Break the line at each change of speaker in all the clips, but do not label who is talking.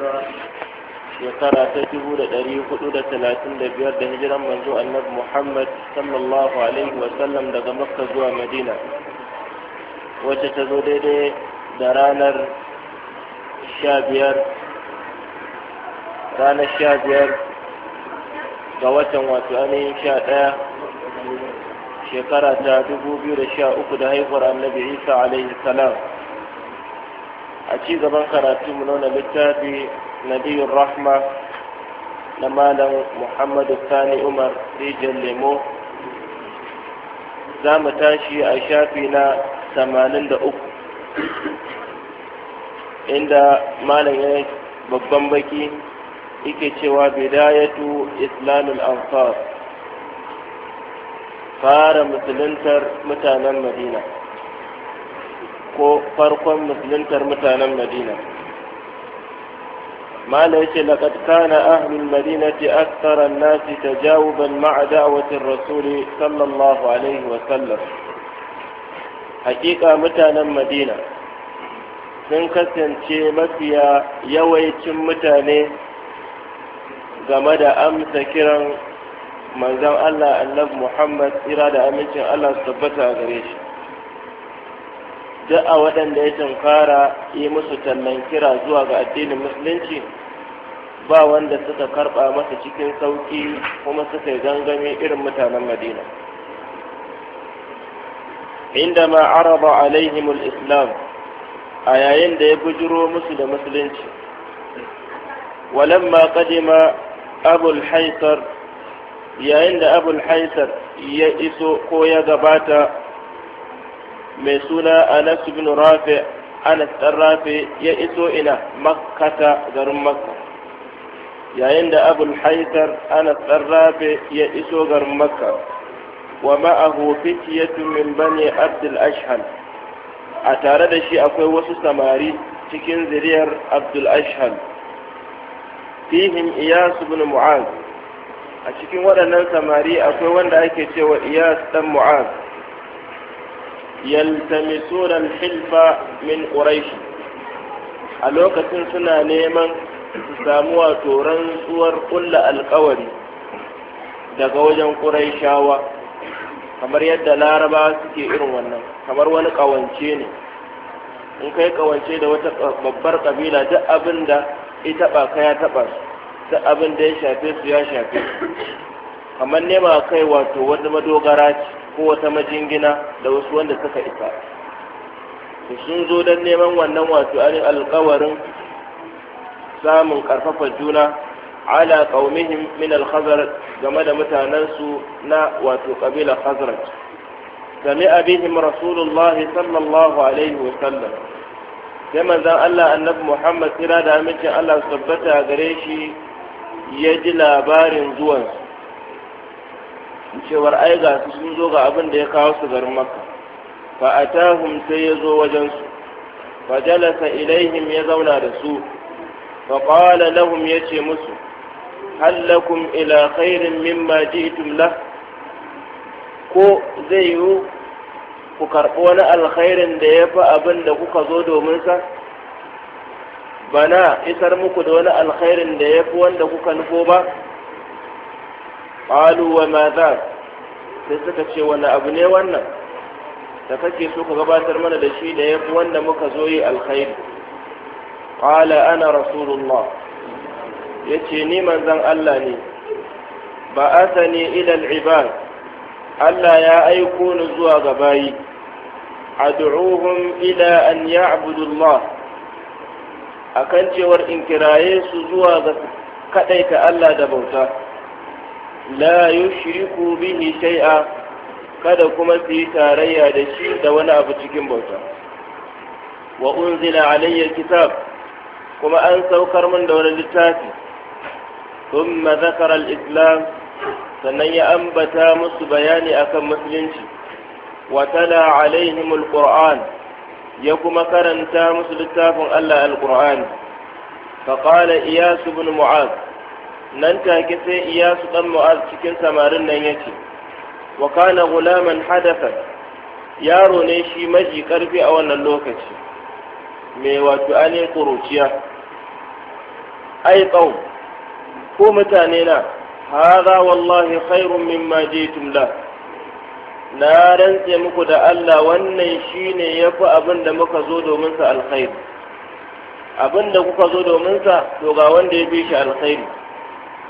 hijira shekara ta dubu da ɗari hudu da talatin da biyar da hijiran manzo annabi muhammad sallallahu alaihi wasallam daga makka zuwa madina wacce ta zo daidai da ranar sha biyar ranar sha biyar ga watan wato ainihin sha ɗaya shekara ta dubu biyu da sha uku da haihuwar annabi isa alaihi salam a ci gaban karatu mu nuna littafi nabiyun rahma na malam muhammadu sani umar rijiyar lemo za mu tashi a shafi na tamanin da uku inda malam ya babban baki yake cewa bidayatu islamul anfar fara musuluntar mutanen madina ko farkon musuluntar mutanen madina mala yake laqad kana ahlul madinati akthara an-nasi tajawuban ma'a da'wati ar-rasul sallallahu alaihi wa sallam hakika mutanen madina sun kasance mafiya yawancin mutane game da amsa kiran manzon Allah annabi Muhammad tsira da amincin Allah su tabbata a gare shi da'a waɗanda ya tunkara yi musu tallan kira zuwa ga addinin musulunci ba wanda suka karɓa masa cikin sauƙi kuma suka yi gangami irin mutanen madina inda ma araba alaihimul islam a yayin da ya bujiro musu da musulunci walamma kadima abul haisar yayin da abul haisar ya iso ko ya gabata mai suna anas bin rafi anas dan rafi ya iso ina makkata garin makka yayin da abul haitar anas dan rafi ya iso garin makka wa ma'ahu fitiyatu min bani abdul ashhal a tare da shi akwai wasu samari cikin zuriyar abdul ashhal fihim iyas bin mu'az a cikin waɗannan samari akwai wanda ake cewa iyas dan mu'az يلتمسون الحلف hilfa min quraish a lokacin suna neman su samu wato rantsuwar kulla alkawari daga wajen kamar yadda laraba suke irin wannan kamar wani kawance ne in kai kawance da wata babbar kabila duk abin da ita ba ka ya taba su duk abin da ya shafe su ya shafe kamar nema kai wato wata madogara ce ko wata majingina da wasu wanda suka isa to sun zo don neman wannan wato ainihin alkawarin samun karfafa juna ala qaumihim min al game da mutanensu na wato kabila khazraj sami'a bihim rasulullah sallallahu alaihi wa sallam sai manzon Allah annabi Muhammad kira da amincin Allah su tabbata gare shi ya ji labarin zuwansu cewar ai ga su sun zo ga abin da ya kawo su garin makka fa atahum sai ya zo wajen su fa jalasa ilaihim ya zauna da su fa qala lahum yace musu hal lakum ila khairin mimma ji'tum la ko zai yi ku karɓi wani alkhairin da ya fi abin da kuka zo domin sa bana isar muku da wani alkhairin da ya fi wanda kuka nufo ba qalu wa ma za sai suka ce wani abu ne wannan da kake so ka gabatar mana da shi da yafi wanda muka zo yi alkhairi qala ana rasulullah yace ni manzon Allah ne ba asani ila al-ibad Allah ya aiko ni zuwa ga bayi ad'uhum ila an ya'budu Allah akan cewar in kiraye su zuwa ga kadaita Allah da bauta la yushriku bihi shay'a kada kuma su yi tarayya da shi da wani abu cikin bauta wa unzila alayya kitab kuma an saukar min da wani littafi thumma zakara al-islam sannan ya ambata musu bayani akan musulunci wa tala alaihim al-qur'an ya kuma karanta musu littafin Allah al-qur'an فقال إياس bin معاذ nan take sai iyasu dan mu'az cikin samarin nan yace wa kana gulaman hadafa yaro ne shi maji karfi a wannan lokaci mai wato ainihin kuruciya ai qaum ko mutane na hadha wallahi khairun mimma jitum la na rantse muku da Allah wannan shine yafi abin da muka zo domin sa alkhairi abin da kuka zo domin sa to ga wanda ya bi shi alkhairi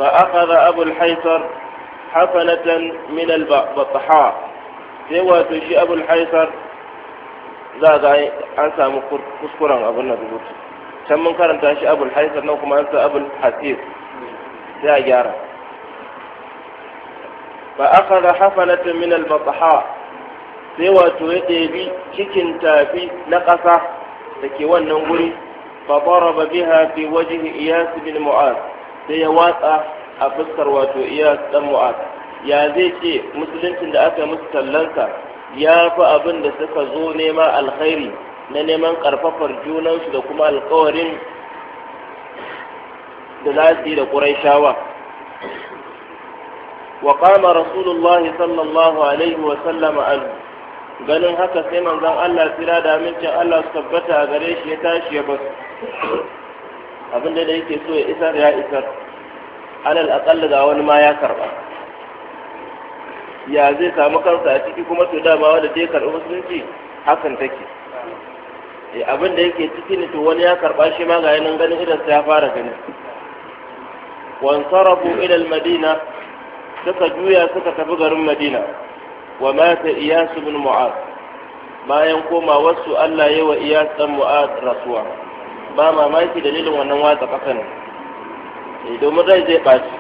فأخذ أبو الحيثر حفنة من البطحاء سوى تشي أبو الحيثر ذا ذا أنسى مكسكرا أبو النبي كم من كان تشي أبو الحيثر نوكم أنسى أبو الحسير ذا جارة فأخذ حفنة من البطحاء سوى تيبي كيكن تافي نقصة تكي ونغري فضرب بها في وجه إياس بن معاذ sai ya watsa a fuskar wato iya dan mu'az ya zai ce musuluncin da aka musu tallansa ya fi abin da suka zo nema alkhairi na neman karfafar junansu da kuma alkawarin da za su yi da ƙuraishawa wa qama rasulullahi sallallahu alaihi wa sallama al ganin haka sai manzon Allah tsira da amincin Allah su tabbata a gare shi ya tashi ya basu abin da yake so ya isar ya isar alal aqalla ga wani ma ya karba ya zai samu kansa a ciki kuma to dama wanda zai karɓi musulunci hakan take eh abin da yake ciki ne to wani ya karba shi ma ga yanan ganin idan ya fara gani sarafu ila al-madina suka juya suka tafi garin madina wa mata iyas ibn Mu'ad, bayan koma wasu Allah ya wa iyas ibn Mu'ad rasuwa ba mamaki dalilin wannan watsa ƙasa ne eh domin rai zai ɓaci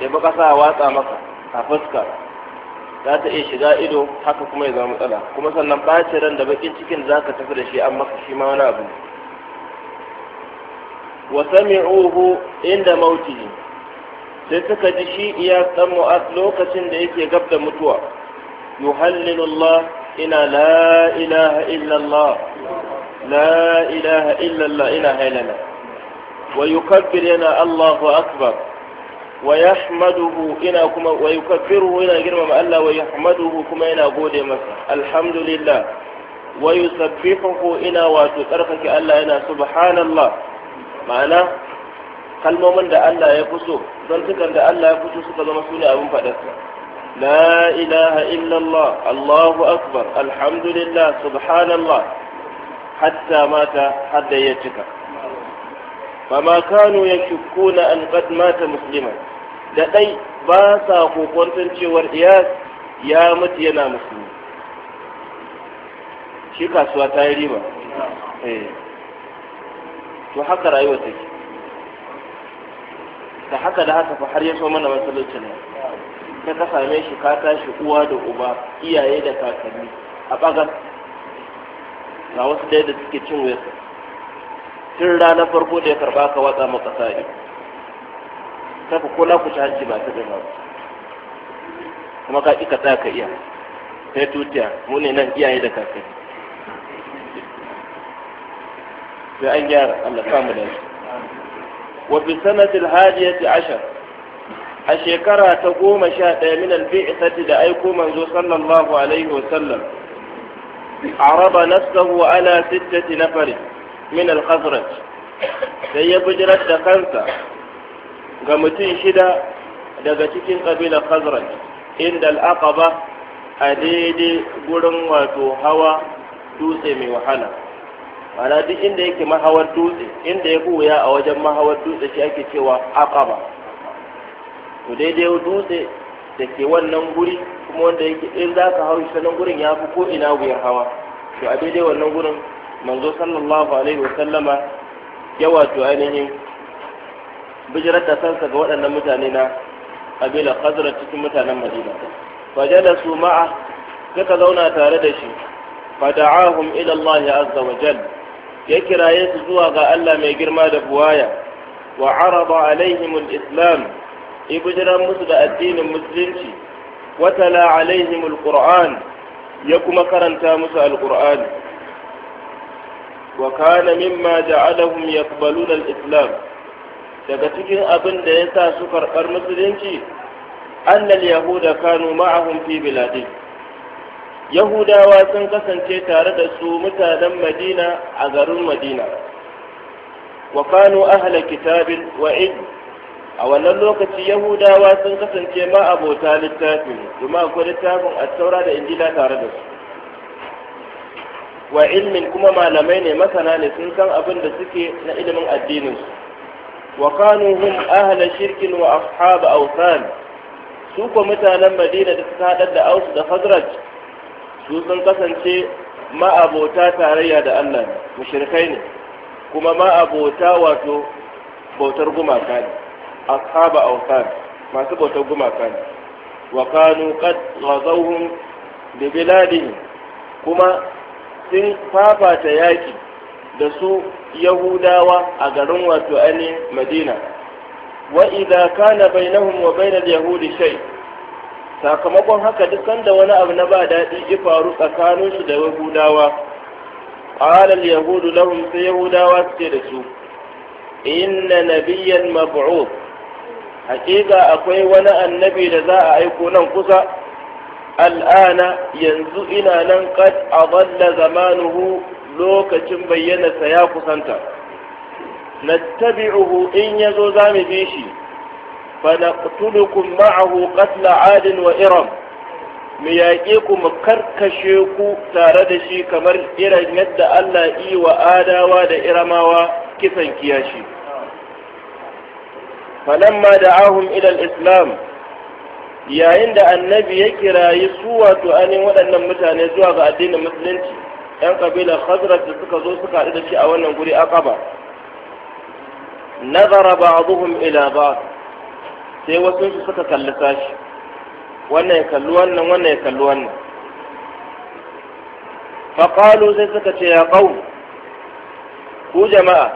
sai ba ƙasa a watsa maka a fuska za ta iya shiga ido haka kuma ya zama matsala kuma sannan ɓacin ran da bakin cikin za ka tafi da shi an maka shi ma wani abu wa sami'uhu inda mautihi sai suka ji shi iya dan mu'az lokacin da yake gab da mutuwa yuhallilullah ina la ilaha illallah لا إله إلا الله إله إلا الله ويكبر ينا الله أكبر ويحمده إنا كما ويكبره إنا جرم ما الله ويحمده كما إنا قود الحمد لله ويسبحه إنا وتتركك الله إنا سبحان الله معناه kalmomin da Allah ya fi so zantukan da Allah ya fi so suka zama su ne abin faɗarsa la ilaha illallah allahu akbar alhamdulillah subhanallah hatta mata hadda ya cika fama kanu ya shukuna an qad mata musliman da ɗai ba sa kokon cewar iyas ya mutu yana musulmi shi kasuwa ta yi riba eh. to haka rayuwa take da haka da haka fa har ya so mana masallaci ne ka ka same shi ka tashi uwa da uba iyaye da kakanni a bagar ga wasu da suke cin wuyar tun ranar farko da ya karba ka watsa maka sa'i ta ku kula ku ci hanci ba ta ba kuma ka ƙi ka tsaya ka iya sai tutiya mu ne nan iyaye da kakai sai an gyara Allah samu da shi wa fi sanatil hadiyati ashar a shekara ta goma sha ɗaya min al-bi'sati da aiko manzo sallallahu alaihi wa sallam عرض نفسه على ستة نفر من الخزرج sai ya bijirar da kansa ga mutum shida daga cikin ƙabilar khazraj inda al'aqaba a daidai gurin wato hawa dutse mai wahala mana duk inda yake mahawar dutse inda ya buya a wajen mahawar dutse shi ake cewa aqaba to daidai dutse da ke wannan guri kuma wanda yake in za ka hau shi gurin ya fi ko ina wuyar hawa to a daidai wannan gurin manzo sallallahu alaihi wa sallama ya wato ainihin bijirar da kansa ga waɗannan mutane na kabila khazra cikin mutanen madina fajala su ma'a suka zauna tare da shi fada'ahum ila Allah azza wa jal ya kiraye su zuwa ga Allah mai girma da buwaya wa arada alaihim al-islam ya musu da addinin musulunci watala alaihim alquran ya kuma karanta musu alquran wa kana mimma ja'alahum yaqbaluna Islam. daga cikin abin da ya sa su karɓar musulunci annal yahuda kanu ma'ahum fi biladi yahudawa sun kasance tare da su mutanen madina a garin madina wa kanu ahla kitabin Wa'id. a wannan lokaci yahudawa sun kasance ma abota littafi kuma akwai littafin a taura da injila tare da su wa ilmin kuma malamai ne masana ne sun san abin da suke na ilimin addinin su wa kanu hum ahla shirkin wa ashab awthan su ko mutanen Madina da suka hadar da Aus da hazrat su sun kasance ma'abota tarayya da Allah mushrikai ne kuma ma'abota wato bautar gumaka ne ashaba awsan masu bautar gumaka ne wa kanu qad ghazawhum bi biladihi kuma sun fafata yaki da su yahudawa a garin wato ani madina wa idza kana bainahum wa al yahudi shay sakamakon haka duk sanda wani abu na ba daɗi ya faru tsakanin su da yahudawa qala yahudu lahum sai yahudawa suke da su inna nabiyyan mab'uth haƙiƙa akwai wani annabi da za a aiko nan kusa al'ana yanzu ina nan qad adalla zamanuhu lokacin bayyanarsa ya kusanta nattabi'uhu in yazo za mu bi shi fa naqtulukum ma'ahu qatla 'adin wa iram mu yaƙe ku mu karkashe ku tare da shi kamar irin yadda Allah yi wa adawa da iramawa kisan kiyashi falamma da'ahum ila al-islam yayin da annabi ya kirayi su wato ainihin waɗannan mutane zuwa ga addinin musulunci yan kabilar khazraj da suka zo suka haɗu da shi a wannan guri aqaba nazara ba ba'dhum ila ba, sai wasu su suka kalli sashi wannan ya kalli wannan wannan ya kalli wannan faqalu sai suka ce ya qaum ku jama'a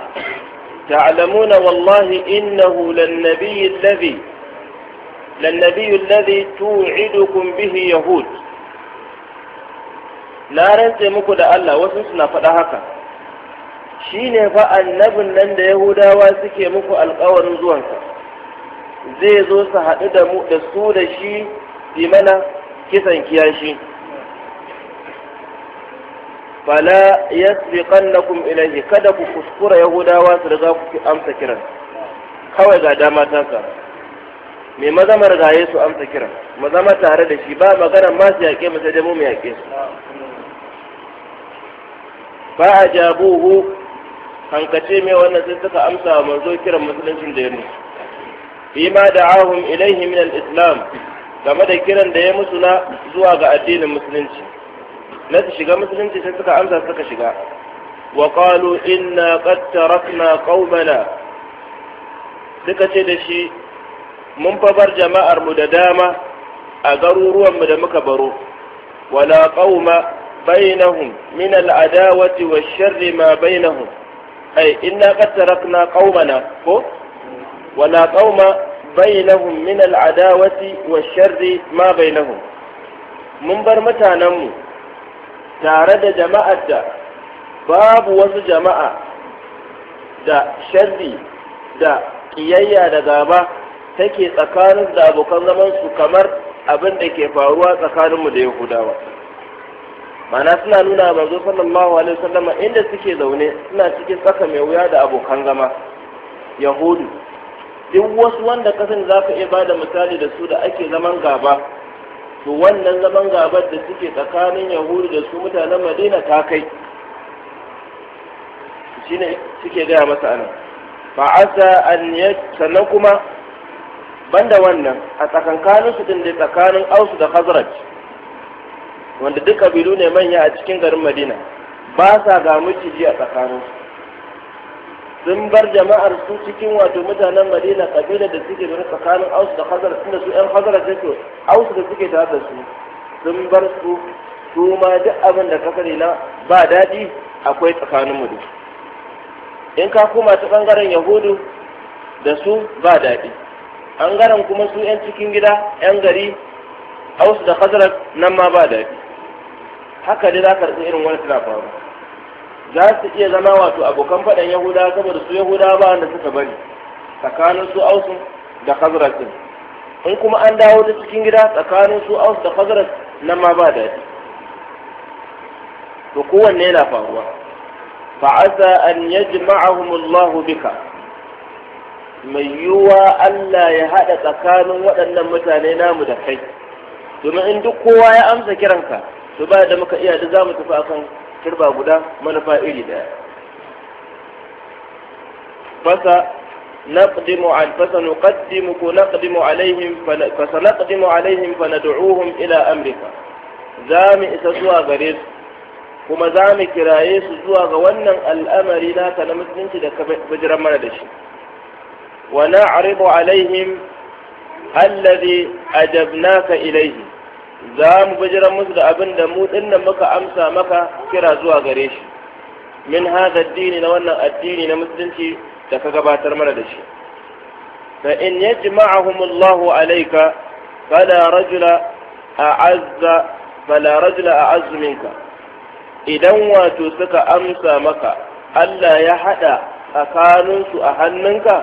تعلمون والله إنه للنبي الذي للنبي الذي توعدكم به يهود لا رنت مكود الله وسنسنا فلاحكا شيني فأنب نند يهودا واسكي مكو القوار زوانكا زي زوسة هدد مؤدسول شي في منا كسان كياشين fala yasbiqannakum ilayhi kada ku kuskura yahudawa su riga ku amsa kiran kawai ga dama ta sa me mazamar ga yesu su amsa kiran mu zama tare da shi ba magana ma su yaƙe mu sai dai mu mu yaƙe su fa ajabuhu hankace mai wannan sai suka amsa wa manzo kiran musuluncin da ya bi ma da'ahum ilayhi min al-islam game da kiran da ya musu na zuwa ga addinin musulunci na su shiga musulunci sai suka amsa suka shiga wa qalu inna qad tarakna qaumana Duka ce da shi mun fa bar jama'ar mu da dama a garuruwan mu da muka baro wala qauma bainahum min al-adawati wash-sharri ma bainahum ay inna qad tarakna qaumana ko wala qauma bainahum min al-adawati wash-sharri ma bainahum mun bar mutanenmu mu tare da jama'ar da babu wasu jama'a da sharri da ƙiyayya da gaba take tsakanin da abokan su kamar abin da ke faruwa tsakaninmu da yahudawa mana suna nuna manzo sallallahu alaihi wasallam inda suke zaune suna cikin tsaka mai wuya da abokan zama yahudu duk wasu wanda kasan za ka iya bada misali da su da ake zaman gaba to wannan zaman gabar da suke tsakanin yahudu da su mutanen madina ta kai ne suke gaya masa anan fa a an sannan kuma banda wannan a tsakankanin su din da tsakanin ausu da hazrat wanda duk kabilu ne manya a cikin garin madina ba sa ga miciji a tsakaninsu sun bar jama'ar su cikin wato mutanen madina kabila da suke zaune tsakanin ausu da hazara da su yan hazara ke ausu da suke tare da su sun bar su su ma duk abin da ka sani na ba daɗi akwai tsakanin mu in ka koma ta ɓangaren yahudu da su ba daɗi ɓangaren kuma su yan cikin gida yan gari ausu da hazara nan ma ba daɗi haka dai za ka irin wani tana faruwa za su iya zama wato abokan faɗan yahuda saboda su yahuda ba wanda suka bari tsakanin su Ausu da khazrajin in kuma an dawo ta cikin gida tsakanin su Ausu da khazraj nan ma ba daɗi to kowanne yana faruwa fa'asa an yajma'ahum Allah bika mai yiwuwa Allah ya haɗa tsakanin waɗannan mutane namu da kai domin in duk kowa ya amsa kiranka to ba da muka iya da za mu tafi akan turba guda manufa iri daya fasa نقدم عن فسنقدم نقدم عليهم فسنقدم عليهم فندعوهم إلى أمريكا زام إسسوا غريب kuma za mu kiraye su zuwa ga wannan al'amari naka na musulunci da ka bijiran mana da shi wa na'ridu alaihim alladhi ajabnaka ilaihi za mu bijiran musu da abin da mu nan muka amsa maka kira zuwa gare shi min hada addini na wannan addini na musulunci da ka gabatar mana da shi fa in yajma'ahum Allahu alayka fala rajula a'azza fala rajula a'azza minka idan wato suka amsa maka Allah ya hada tsakaninsu a hannunka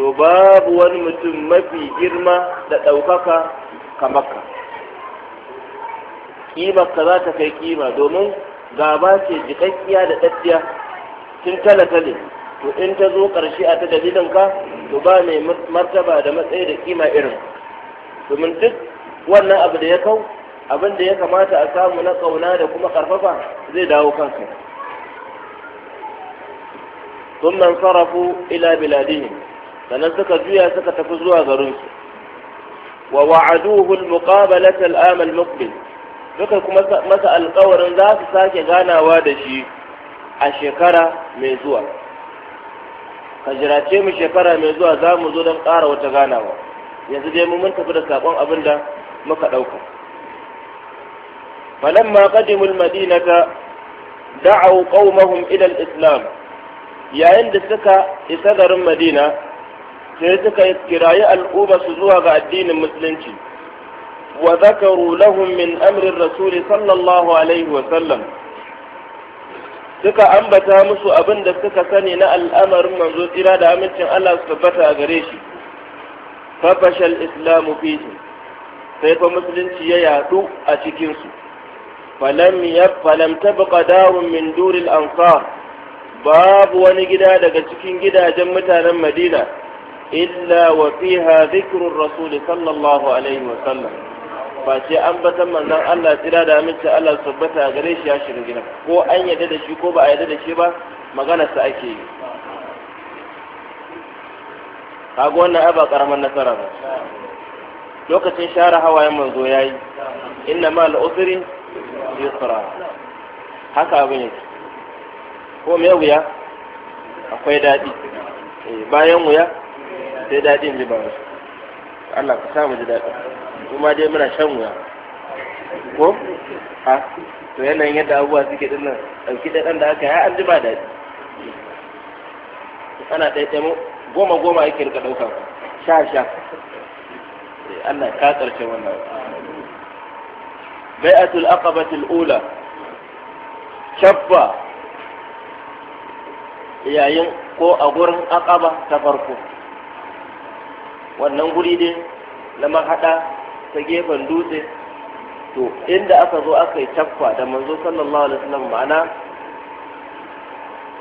to babu wani mutum mafi girma da ɗaukaka kamar ka Kima ka za ta kai kima domin gaba ce jikakkiya da daddiya tun tale-tale, to in ta zo ƙarshe a ta dalilin ka to ba mai martaba da matsayi da kima irin domin duk wannan abu da ya kau abin da ya kamata a samu na ƙauna da kuma ƙarfafa zai dawo kanka sun nan sarrafu ila biladini sannan suka juya suka tafi zuwa garinsu wa wa'aduhu al-muqabalata al-amal muqbil suka kuma masa alkawarin za su sake ganawa da shi a shekara mai zuwa ka jirace mu shekara mai zuwa za mu zo don ƙara wata ganawa yanzu dai mun tafi da saƙon abin da muka ɗauka falamma qadimul madinata da'aw qaumahum ila idan islam yayin da suka isa garin madina sai suka kirayi al'umma su zuwa ga addinin musulunci وذكروا لهم من أمر الرسول صلى الله عليه وسلم suka ambata musu abin da suka sani na al'amarin manzo da amincin Allah su a gare shi fafashal islamu fihim sai fa musulunci ya yadu a cikinsu. su falam ya falam tabqa min duril ansar babu wani gida daga cikin gidajen mutanen Madina illa wa fiha dhikrur rasul sallallahu alaihi wa sallam face an batan manzon Allah tsira da aminci Allah tabbata gare shi ya shiga gidan ko an yadda da shi ko ba a yadda da shi ba magana sa ake yi kago wannan ai ba karaman nasara ba lokacin share hawayen manzo yayi inna ma al-usri yusra haka abin yake ko me wuya akwai dadi, eh, bayan wuya sai dadin ji ba Allah ka samu ji dadi. kuma dai muna shan wuya ko a to yanayin yadda abubuwa suke din nan ɗauki ɗan da aka yi an jima ba daɗi ana ɗaya ɗaya goma goma ake rika ɗauka sha sha eh, Allah ka ƙarshe wannan bai'atul aqabatul ula shabba yayin ko a gurin aqaba ta farko wannan guri dai na mahaɗa ta gefen dutse to inda aka zo aka yi tafkwa da manzo sallallahu alaihi wasallam ma'ana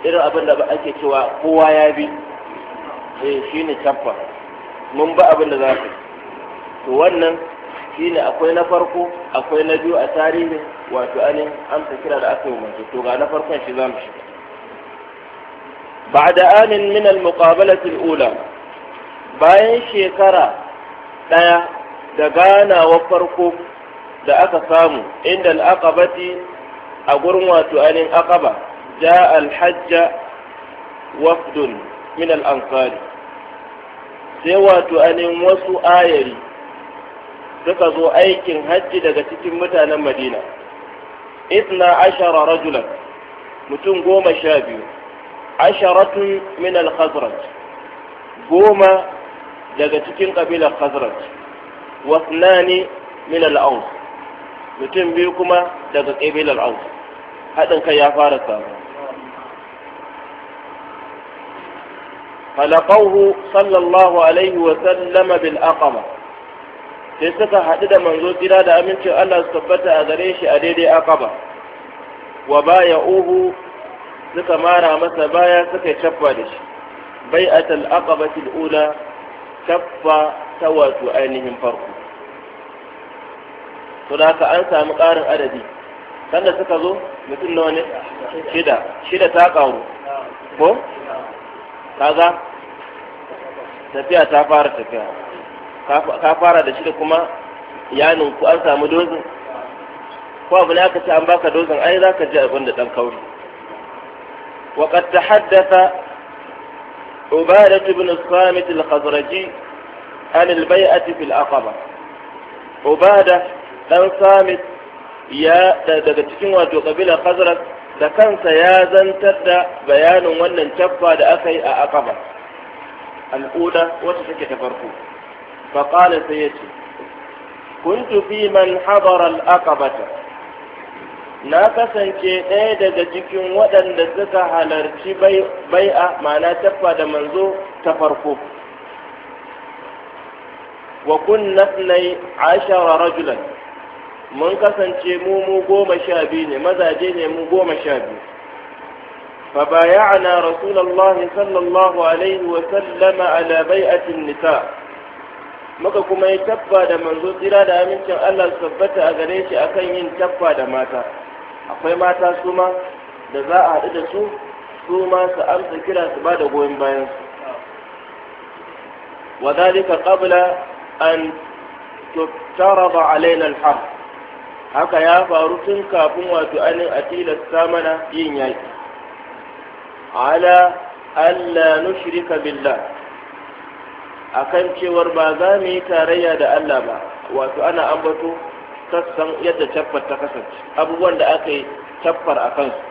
irin abin da ake cewa kowa ya bi eh shine tafkwa mun ba abin da za ka to wannan shine akwai na farko akwai na biyu a tarihi wato anin amsa kira da aka yi manzo to ga na farkon shi za mu shiga بعد آن من المقابلة الأولى bayan shekara ɗaya da ganawa farko da aka samu inda al-aqabati a gurin wato ainihin aqaba ja alhajja wafdun min al'ansari sai wato ainihin wasu ayari suka zo aikin hajji daga cikin mutanen madina itna ashara rajulan mutum goma sha biyu asharatun min al goma daga cikin ƙabilar khazraj wasnani من الأوس mutum biyu kuma daga ƙabilar aus haɗin kai ya fara samu falaqawhu sallallahu alaihi wa sallama bil aqaba sai suka haɗu da manzo gida da amincin Allah su tabbata a gare shi a daidai aqaba wa baya uhu suka mara masa baya suka cabba da shi bai'atul aqabati al-ula cabba ta wato ainihin farko to da haka an samu ƙarin adadi sanda suka zo mutum nawa ne shida shida ta ƙaru ko kaga tafiya ta fara tafiya ka fara da shida kuma ya ninku an samu dozin ko abu ne aka ce an baka dozin ai za ka ji abin da ɗan kauri وقد تحدث عبادة بن الصامت الخزرجي عن البيعة في العقبة عبادة دان سامت يا daga cikin wato kabilar khazraj da kansa ya zantar da bayanin wannan tabba da aka yi a aqaba al'uda wata take ta farko fa qala sai yace kuntu fi man hadara al-aqabata na kasance ɗaya daga cikin waɗanda suka halarci bai'a ma'ana tabba da manzo ta farko wa kunna nai ashara rajulan mun kasance mu mu goma sha biyu ne mazaje ne mu goma sha biyu fa bayana الله sallallahu alaihi wa sallama ala بيعة nisa muka kuma yi tabba da manzo tsira da amincin Allah su tabbata a gare shi akan yin tabba da mata akwai mata su ma da za a haɗu da su su ma su amsa kira su ba da goyon bayan su wa dalika qabla an a alaina alharb haka ya faru tun kafin wato anin a tilasta mana yin yaki ala alla nushrika billah akan cewar ba za mu yi tarayya da Allah ba wato ana ambato sassan yadda tabbar ta kasance abubuwan da aka yi tabbar a kansu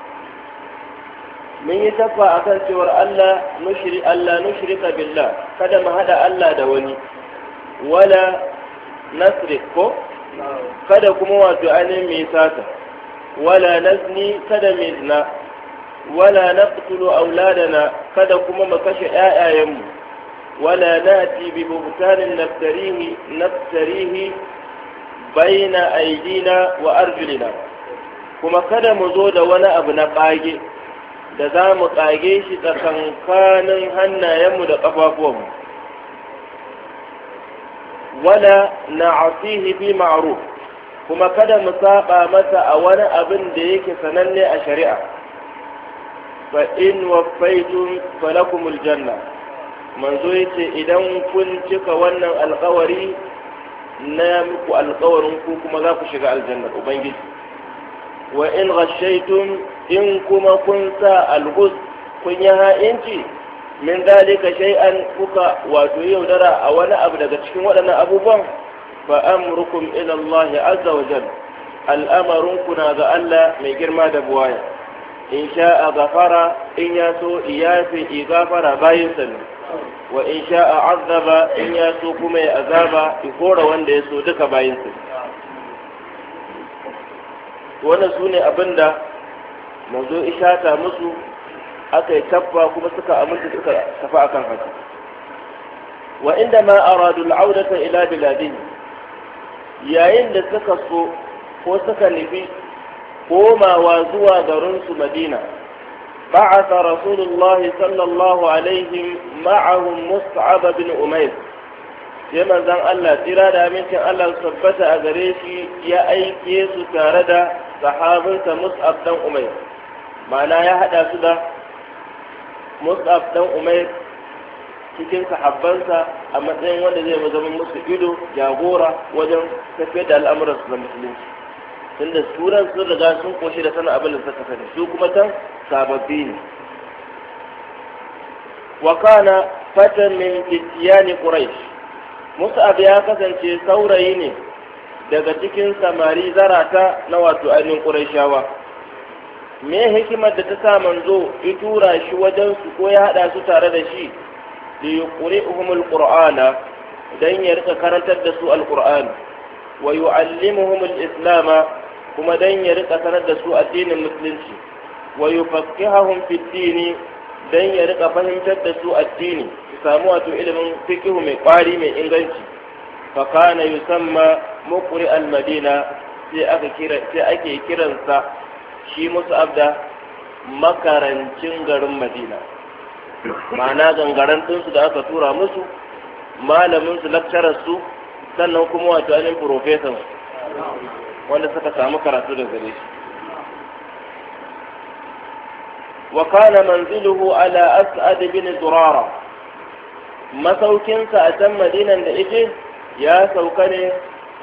mun yi tabba akan cewar Allah nushri Allah nushrika billah kada mu hada Allah da wani wala nasri ko kada kuma wato ainihin mai sata wala nazni kada mai zina wala na naqtulu auladana kada kuma mu kashe ƴaƴayenmu wala nati bi buhtanin naftarihi naftarihi baina aidina wa arzulina kuma kada mu zo da wani abu na ƙage da za mu ƙage shi tsakankanin hannayenmu da ƙafafuwanmu wala na asihi bi ma'ruf kuma kada mu saba masa a wani abin da yake sananne a shari'a fa in waffaytum falakumul janna manzo yace idan kun cika wannan alƙawari na muku alƙawarin ku kuma za ku shiga aljanna ubangiji wa in ghashaytum in kuma kun sa alghus kun yi ha'inci min zalika shay'an kuka wato yaudara a wani abu daga cikin waɗannan abubuwan fa amrukum ila Allah azza wa jal al'amarun kuna ga Allah mai girma da buwaya in sha'a gafara in ya so iyafi fi bayin sa wa in sha'a azaba in ya so kuma ya azaba i kora wanda ya so duka bayin sa wannan sune abinda isha ishata musu aka yi tabba kuma suka aminta suka tafi akan hajji. wa inda ma aradu al'audata ila biladin yayin da suka so ko suka nufi komawa zuwa garinsu madina بعث رسول الله صلى الله عليه معهم مصعب بن أمير كما زان الله ترى دا منك الله ya أغريشي يا أي كيس تاردا صحابة مصعب بن أمير ya يا su da. mustaf dan umair cikin sahabbansa a matsayin wanda zai zama musu ido jagora wajen tafiyar da al'amuransu na musulunci tunda turan sun riga sun koshi da sana abin da suka sani su kuma tan sababbi ne wa kana fatan min kitiyani quraish mus'ab ya kasance saurayi ne daga cikin samari zarata na wato ainihin qurayshawa me hikimar da ta sa manzo ya tura shi wajen su ko ya hada su tare da shi li yuqri'uhum alqur'ana don ya rika karantar da su alqur'ani wa yu'allimuhum islama kuma dan ya rika sanar da su addinin musulunci wa hahun fi dini dan ya rika fahimtar da su addini su samu wato ilimin fiqhu mai kwari mai inganci fa kana yusamma muqri almadina sai sai ake kiransa shi musu abda makarancin garin madina ma'ana gangaren ɗinsu da aka tura musu malaminsu lakcararsu sannan kuma wato ainihin profesan wanda suka samu karatu da gare shi wa kana manziluhu ala as'ad bin durara masaukinsa a can madinan da ije ya sauka ne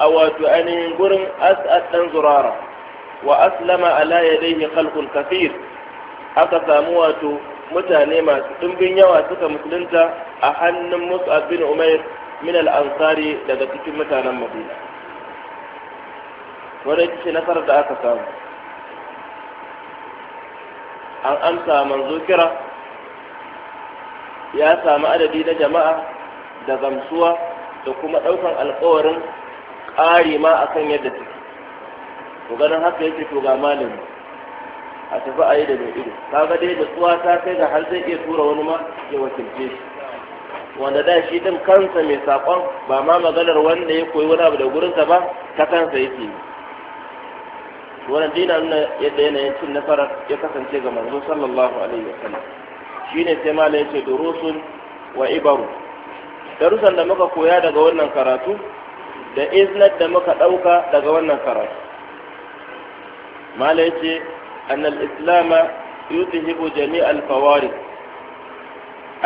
a wato ainihin gurin as'ad dan zurara wa aslama ala yadayhi khalqul kathir aka samu wato mutane masu dimbin yawa suka musulunta a hannun Mus'ab bin Umair min al-Ansari daga cikin mutanen Madina wannan ce nasarar da aka samu an amsa manzo kira ya samu adadi na jama'a da gamsuwa da kuma ɗaukan alkawarin ƙari ma akan yadda to ganin haka yake to ga malami a tafi a yi da mai ido kaga dai da tsuwa ta kai ga har zai iya tura wani ma ya wakilce shi wanda da shi din kansa mai sakon ba ma maganar wanda ya koyi wani abu da gurinsa ba ta kansa yake yi wannan dina nuna yadda yanayin cin nasarar ya kasance ga manzo sallallahu alaihi wasallam shine sai malai yace durusun wa ibaru darussan da muka koya daga wannan karatu da iznat da muka dauka daga wannan karatu mala ce annal islam yudhibu jami'al fawari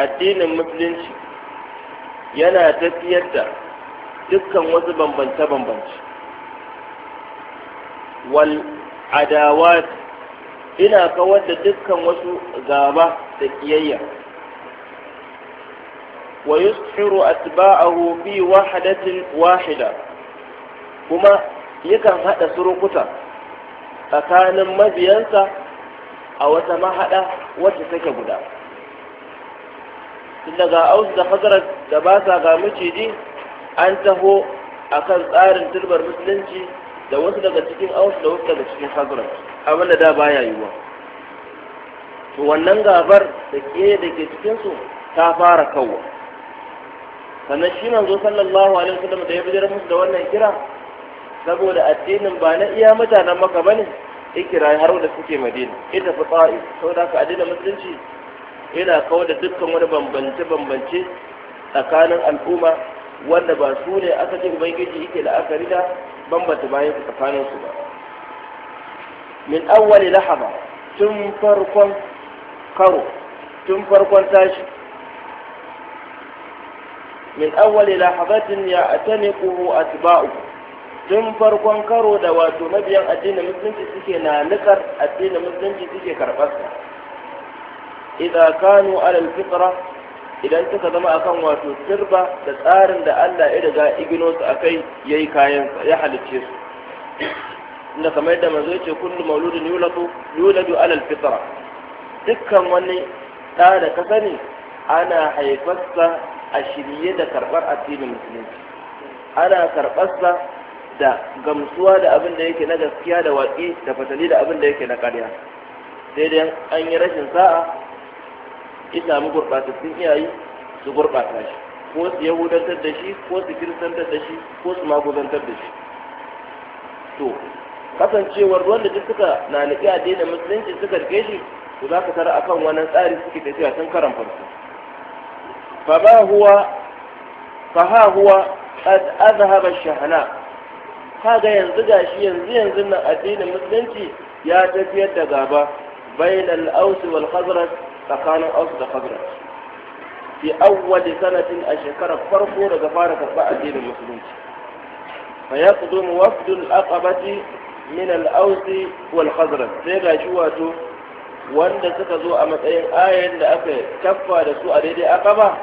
addinin musulunci yana tafiyar da dukkan wasu bambance-bambance wal adawat ina kawar da dukkan wasu gaba da kiyayya wa yusfiru atba'ahu bi wahdatin wahida kuma yakan hada surukuta tsakanin mabiyansa a wata mahaɗa wacce take guda tun daga aus da hazarar da ba sa ga miciji an taho a kan tsarin turbar musulunci da wasu daga cikin aus da wasu daga cikin hazarar abinda da baya yiwa. to wannan gabar da ke da ke cikinsu ta fara kawwa sannan shi manzo sallallahu alaihi wasallam da ya bijar musu da wannan kira saboda addinin ba na iya mutanen maka bane ikirai har wanda suke madina ita fa tsari saboda ka addinin musulunci yana kawo da dukkan wani bambance bambance tsakanin al'umma wanda ba su ne aka ce ubangiji yake la'akari da bambanta bayan tsakanin su ba min awwali lahaba tun farkon karo tun farkon tashi min awwali lahabatin ya ataniquhu atba'uhu tun farkon karo da wato mabiyan addinin musulunci suke na nukar addinin musulunci suke sa idan kanu alal fitra idan suka zama akan wato turba da tsarin da Allah ya riga igino su akai yayi kayan ya halicce su inda kamar yadda manzo yace kullu mauludin yuladu yuladu alal fitra dukkan wani da da ka sani ana haifarsa a shirye da karɓar addinin musulunci ana karɓarsa da gamsuwa da abin da yake na gaskiya da watsi da fasali da abin da yake na ƙarya sai dai an yi rashin sa'a ya samu gurɓatattun iyaye su gurɓata shi ko su yahudantar da shi ko su kiristantar da shi ko su magudantar da shi to kasancewar wanda duk suka na nufi addinin musulunci suka rike shi to za ka tara akan wannan tsari suke tafiya tun karan farko fa ba huwa fa ha huwa قد أذهب الشحناء kaga yanzu gashi yanzu yanzu nan addinin musulunci ya tafiyar da gaba bainal aus wal khazraj tsakanin aus da khazraj fi awwal sanatin a shekarar farko daga fara karɓar addinin musulunci fa yaqdum wafdul aqabati min al aus wal khazraj sai gashi wato wanda suka zo a matsayin ayan da aka kaffa da su a daidai aqaba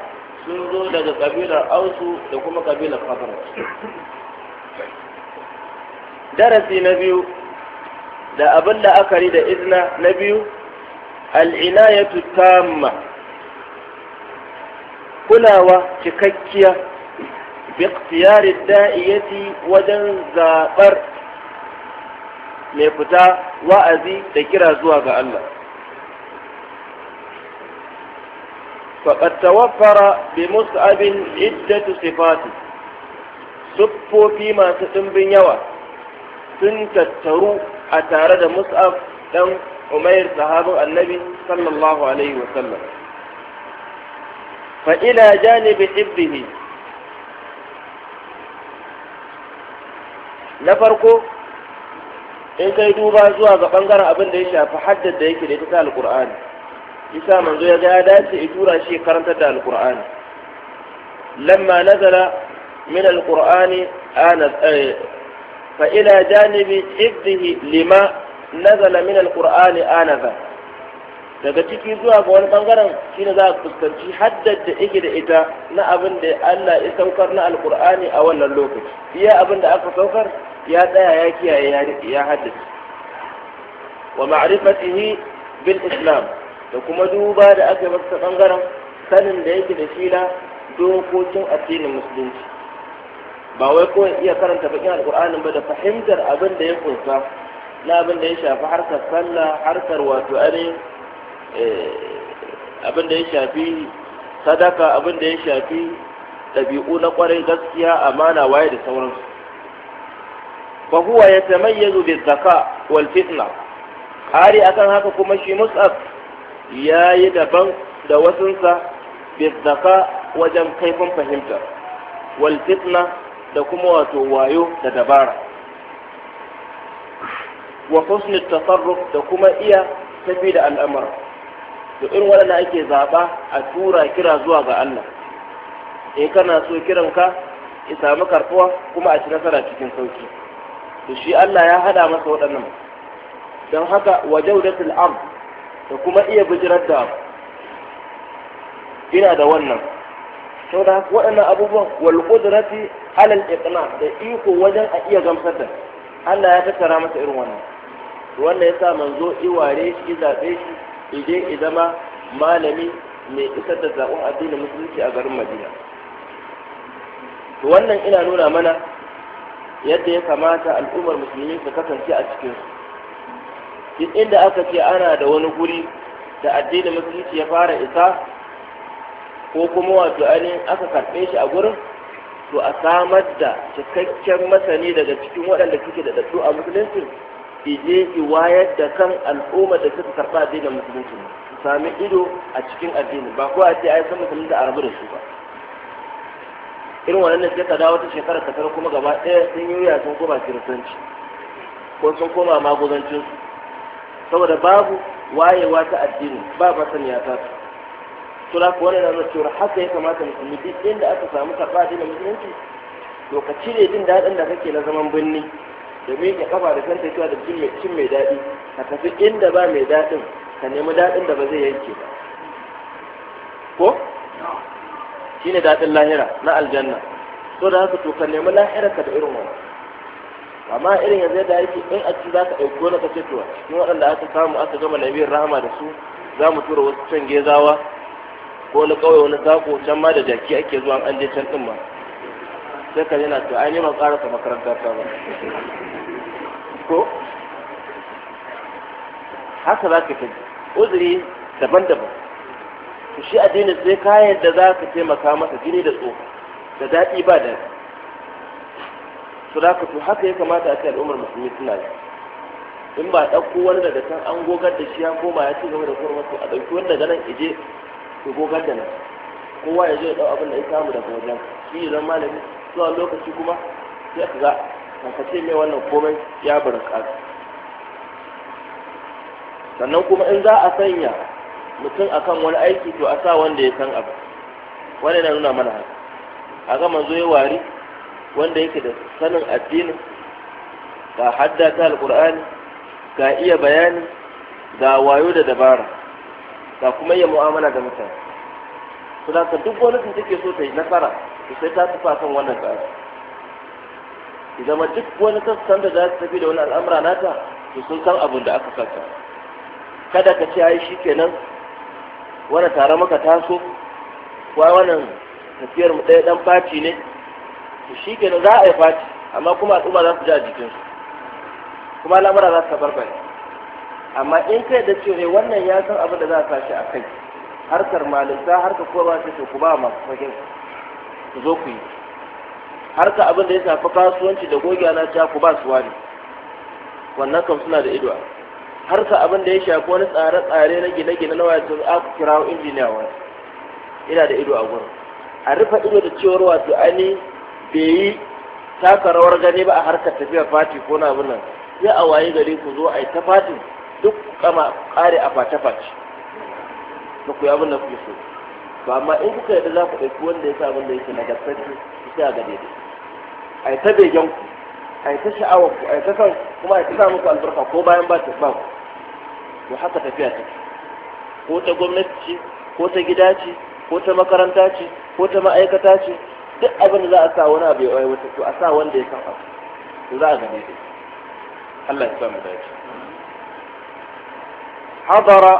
sun zo daga kabilar ausu da kuma kabilar khazraj darasi na biyu da abin da aka da izina na biyu al'inayatu tamma kulawa cikakkiya biktiyari da'iyati wajen zaɓar mai fita wa'azi da kira zuwa ga Allah faƙad tawaffara bi mus'abin iddatu sifati siffofi masu ɗimbin yawa sun tattaru a tare da mus'af dan umair sahabin annabi sallallahu alaihi wa sallam fa ila janibi ibdihi na farko in kai duba zuwa ga bangaren abin da ya shafi haddar da yake da ita ta alkur'ani isa manzo ya ga ya dace ya tura shi karantar da alkur'ani lamma nazala min alqur'ani ana eh, فإلى جانب janibi لما lima من القرآن آنفا daga ciki zuwa ga wani bangaren shine za a fuskanci haddar da ike da ita na abin da Allah ya saukar na alkur'ani a wannan lokaci iya abin da aka saukar ya tsaya ya kiyaye ya haddace wa ma'rifatihi bil islam da kuma duba da aka masa bangaren sanin da yake da shi na dokokin addinin musulunci ba wai kawai iya karanta bakin alkur'anin ba da fahimtar abin da ya kunsa na abin da ya shafi harkar sallah harkar wato ainihin eh, abin da ya shafi sadaka abin da ya shafi ɗabi'u na ƙwarai gaskiya amana waye da sauransu fa huwa yatamayyazu bi zaka wal fitna hari akan haka kuma shi mus'ab yayi daban da wasunsa bi zaka wajen kaifin fahimta wal fitna da kuma wato wayo da dabara wa husnul tasarruf da kuma iya tafi da al'amar to irin waɗanda ake zaɓa a tura kira zuwa ga Allah eh kana so kiran ka ya samu karfuwa kuma a ci nasara cikin sauki to shi Allah ya hada masa waɗannan don haka wa jawdatul ard da kuma iya bijirar da ina da wannan da waɗannan abubuwan wal qudrati halal iqna da iko wajen a iya gamsar da Allah ya tattara masa irin wannan wanda ya sa manzo iware shi zabe shi ije idama malami mai isar da zaɓen addinin musulunci a garin madina wannan ina nuna mana yadda ya kamata al'ummar musulmi su kasance a cikin duk inda aka ce ana da wani guri da addinin musulunci ya fara isa ko kuma wato ainihin aka karɓe shi a gurin to a samar da cikakken masani daga cikin waɗanda suke da ɗaɗɗu a musulunci ije ki wayar da kan al'umma da suka karɓa addinin musulunci su sami ido a cikin addini ba ko a ce ai san musulunci a rabu da su ba irin wannan da suka dawo wata shekara ta kuma gaba ɗaya sun yi wuya sun koma kiristanci ko sun koma maguzancin saboda babu wayewa ta addini ba masaniya ta su to da kuwa yana nuna cewa haka ya kamata musulmi duk inda aka samu karɓa da musulunci to ka cire jin daɗin da kake na zaman birni da miƙe kafa da kanta cewa da cin mai daɗi ka tafi inda ba mai daɗin ka nemi daɗin da ba zai yanke ba ko shine daɗin lahira na aljanna to da haka to ka nemi lahira ka da irin wannan amma irin yanzu yadda yake in a ci za ka ɗauki wani ka ce to cikin waɗanda aka samu aka gama nabiyar rahama da su za mu tura wasu can gezawa ko wani kawai wani sako can ma da jaki ake zuwa an je can din ma sai ka yana to ai neman ka makaranta ta ba ko haka za ka ta uzuri daban-daban to shi addini sai kayan da za ka taimaka masa jini da tsoka da daɗi ba da su da to haka ya kamata a ce al'ummar musulmi suna yi in ba ɗauko wani daga kan an gogar da shi ya koma ya ci gaba da kurmatu a ɗauki wanda ganin ije to gogar da nan kowa ya zai dau abin da ya samu daga wajen shi zan zama malami zuwa lokaci kuma sai ka ga kankace mai wannan komai ya barka. sannan kuma in za a sanya mutum akan wani aiki to a sa wanda ya san abu wani na nuna mana haka a ga manzo ya wari wanda yake da sanin addini ga haddata alkur'ani ga iya bayani ga wayo da dabara ga kuma iya mu'amala da mutane to da ka duk wani take so ta yi nasara to sai ta tafi kan wannan tsari ki zama duk wani sassan da za su tafi da wani al'amura nata to sun san abin da aka saka kada ka ce ai shikenan wani tare maka taso wa wannan tafiyar mu ɗaya ɗan faci ne to shikenan za a yi faci amma kuma al'umma za su ji a jikinsu kuma al'amura za su tabarbare amma in kai da cewa eh, wannan ya san abin da za a sashi a kai harkar malinta harka kowa ta ce ku ba masu fagen ku zo ku yi harka abin da ya shafi kasuwanci da gogiya na ta ku ba su wani wannan kam suna da ido harka abin da ya shafi wani tsare-tsare na gine-gine na waya tun aka kira injiniya wani ina da ido a gurin a rufe ido da cewar wato ani bai yi taka rawar gani ba a harkar tafiya fati ko na abin nan sai a waye gari ku zo a yi ta fatin duk kama kare a face-face ba ku yi abin da kuke so ba amma in kuka yadda za ku ɗauki wanda ya sa abin da yake na gaskanta ku sai a ga da a yi ta begen ku a yi ta sha'awar ku a yi ta kan kuma a yi ta sa muku albarka ko bayan ba ta ba ku to haka tafiya ta ko ta gwamnati ce ko ta gida ce ko ta makaranta ce ko ta ma'aikata ce duk abin da za a sa wani abu ya wata to a sa wanda ya san abu to za a gane da Allah ya sa mu dace hadara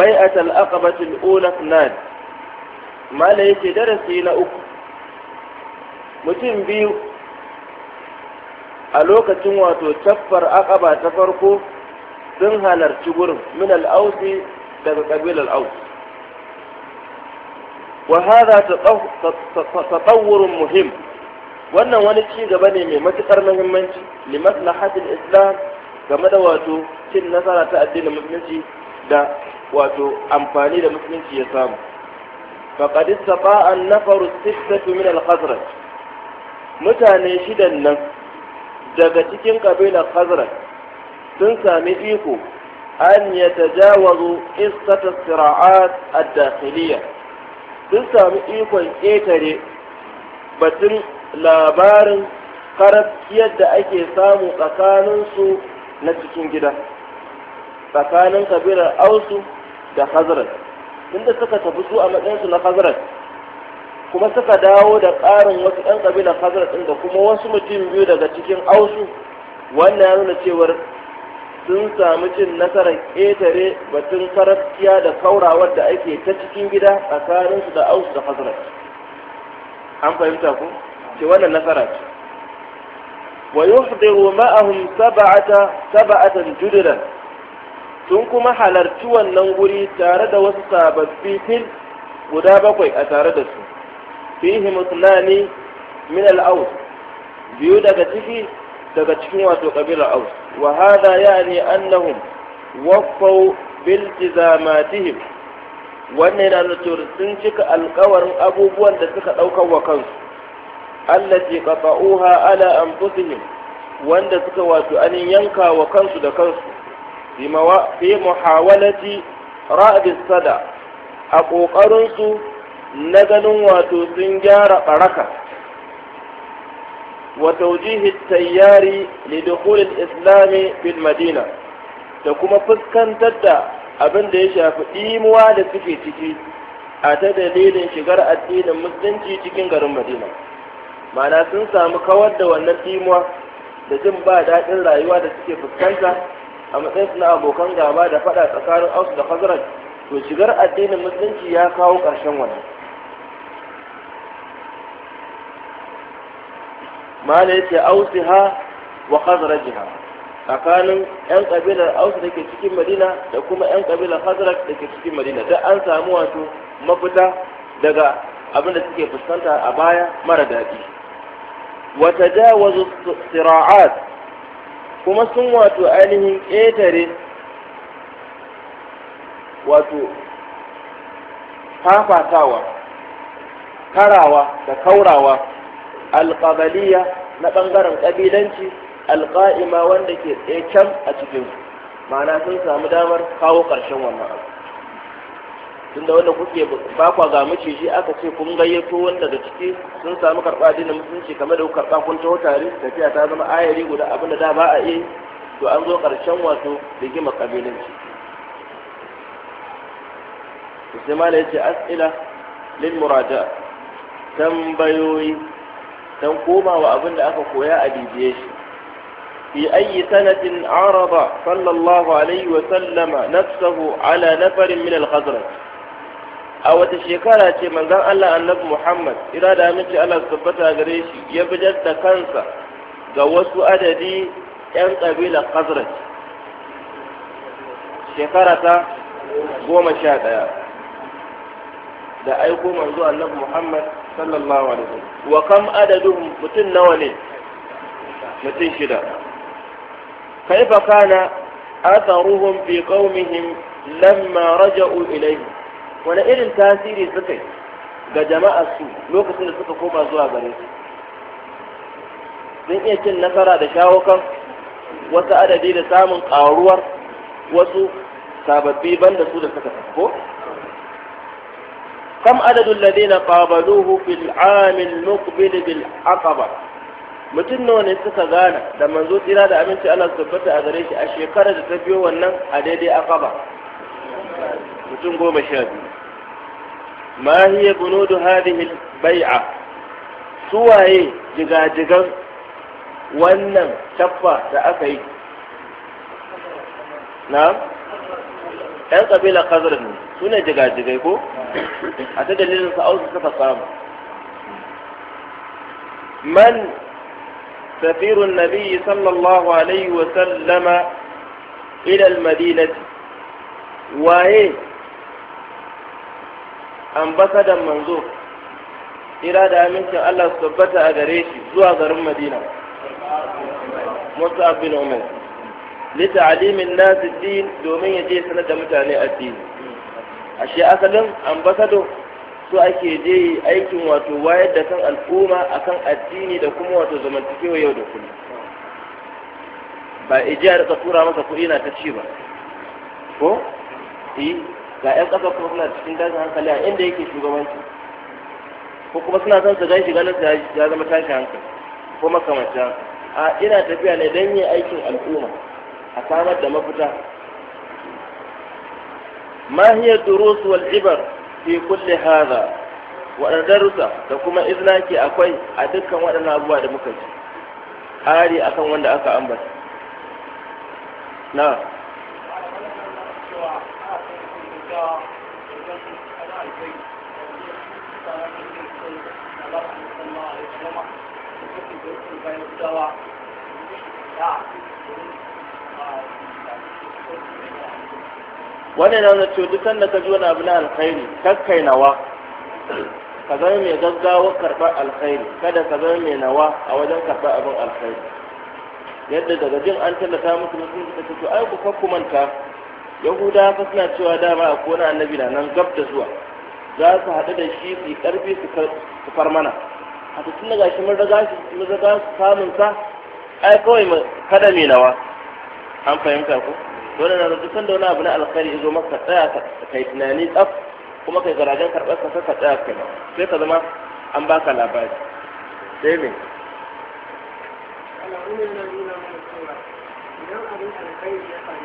bai'at al-aqabah al-ula nan mala yake darasi na uku mutum biyu a lokacin wato caffar aƙaba ta farko sun halarci gurin min al daga kabilar aus wa hadha tatawwur muhim wannan wani ci gaba ne mai matuƙar muhimmanci li maslahatil islam game da wato cin nasara ta addinin musulunci da wato amfani da musulunci ya samu faqad istaqa an nafaru sittatu min al mutane shidan nan daga cikin kabilar khazraj sun sami iko an tajawazu istata sira'at ad dakhiliya sun sami ikon ƙetare batun labarin karaskiyar yadda ake samu tsakanin su na cikin gida tsakanin kabilar ausu da hazrat inda suka tafi su a matsayinsu na hazrat kuma suka dawo da ƙarin wasu 'yan kabilar hazrat ɗin da kuma wasu mutum biyu daga cikin ausu wannan ya nuna cewar sun samu cin nasarar ƙetare batun farafiya, da kaurawar da ake ta cikin gida tsakaninsu da ausu da hazrat an fahimta ku ce wannan nasara ce ويحضر معهم سبعة سبعة جدرا sun kuma halarci wannan guri tare da wasu sababbi fil guda bakwai a tare da su fihi mutlani min al-aus biyu daga ciki daga cikin wato kabilar aus wa hada yani annahum waqaw bil tizamatihim wannan yana nuna sun cika alkawarin abubuwan da suka ɗaukar wa kansu allati qata'uha ala anfusihim wanda suka wato anin yanka wa kansu da kansu fi muhawalati ra'd sada a kokarin su na ganin wato sun gyara baraka wa tawjihi tayyari li dukhul al-islam fil madina da kuma fuskantar da abin da ya shafi ɗimuwa da suke ciki a ta dalilin shigar addinin musulunci cikin garin madina mana sun samu kawar da wannan timuwa da jin ba daɗin rayuwa da suke fuskanta a matsayinsu na abokan gaba da faɗa tsakanin ausu da hazrat to shigar addinin musulunci ya kawo ƙarshen wannan mala yace ha wa khazrajiha tsakanin yan kabilar ausu da ke cikin madina da kuma yan kabilar khazraj da ke cikin madina don an samu wato mafita daga abin da suke fuskanta a baya mara daɗi wa tajawazu sira'at kuma sun wato ainihin ƙetare wato fafatawa karawa da kaurawa alƙabaliya na ɓangaren ƙabilanci alƙa'ima wanda ke tsaye can a cikinsu ma'ana sun samu damar kawo ƙarshen wannan abu tunda wanda kuke bakwa ga maciji aka ce kun gayyato wanda da ciki sun samu karɓa dinin mutunci kamar da kuka karɓa kun taho tare tafiya ta zama ayari guda abin da ba a yi to an zo ƙarshen wato rigima ƙabilanci sai mala ya ce as'ila lil muraja tambayoyi dan komawa abin da aka koya a bibiye shi في أي سنة عرض صلى الله عليه وسلم نفسه على نفر من الخزرج a wata shekara ce manzon Allah annabi Muhammad ira da aminci Allah su tabbata gare shi ya bijar da kansa ga wasu adadi yan kabila Khazraj shekara ta goma sha ɗaya da aiko manzo annabi Muhammad sallallahu alaihi wa kam adadin mutum nawa ne mutum shida kaifa kana atharuhum fi qaumihim lamma raja'u ilayhi wani irin tasiri suka yi ga jama'a su lokacin da suka koma zuwa gare su sun iya cin nasara da shawo kan wasu adadi da samun ƙaruwar wasu sababbi banda su da suka ko kam adadin ladina qabaluhu fil amil muqbil bil aqaba mutum nawa ne suka gana da manzo tsira da aminci Allah su tabbata a gare shi a shekarar da ta biyo wannan a daidai aqaba mutum goma sha biyu ma hiya bunudu hadhihi bai'a suwaye jigajigan wannan tabba da aka yi na ɗan ƙabila kazar ne su ne jigajigai ko a ta dalilin sa'ausu suka samu man safirun nabi sallallahu alaihi wa sallama ila madinati waye ambasadan manzo ira da amincin Allah su tabbata a gare shi zuwa garin Madina Musa bin Umar li ta'limin nas din domin ya je sanar da mutane addini ashe asalin ambasado su ake je aikin wato wayar da kan al'umma akan addini da kuma wato zamantakewa yau da kullum ba ijiya da tura masa kuɗi na ta ci ba ko eh ga 'yan ƙasa kuma suna cikin tashin hankali a inda yake shugabanci ko kuma suna son su gan shi ganin ya zama tashin hankali ko makamancin a ina tafiya ne don yin aikin al'umma a samar da mafita Mahiyar hiya durus wal ibar fi kulli hadha waɗanda rusa, da kuma izna ke akwai a dukkan waɗannan abubuwa da muka ji ari akan wanda aka ambata na wannan na nuna cewa duk ka ji wani abu na alkhairi kakkai nawa ka zama mai gaggawa karɓar alkhairi kada ka zama mai nawa a wajen karɓar abin alkhairi yadda daga jin an tallata musu mutum suka ce ai ku kakku manta yahuda fa suna cewa dama a kona annabi na nan gab da zuwa za su haɗu da shi su karfi su far mana a cikin daga shi mun raga shi mun raga su samun sa ai kawai mu kada mai nawa an fahimta ko dole na rubuta sanda wani abu na alkhairi zo maka tsaya ka yi tunani tsaf kuma kai garajen karɓar ka ka tsaya kai sai ka zama an baka labari sai me idan
abin alkhairi ya faru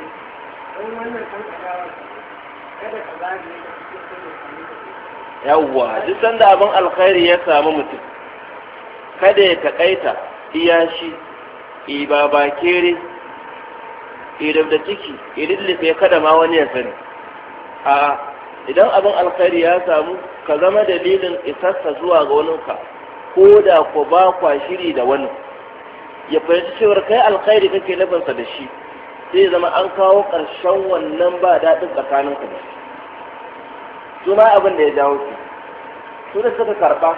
yawwa duk sanda abin alkhairi ya samu mutum kada ya takaita iya shi iba ba kere idan da ciki idillife kada ma wani ya sani a idan abin alkhairi ya samu ka zama dalilin isarsa zuwa ga waninka ko da ku ba kwa shiri da wani ya fahimci cewar kai alkhairi kake nufinsa da shi sai zama an kawo ƙarshen wannan ba daɗin tsakanin ku da su ma abin da ya jawo su su da suka karɓa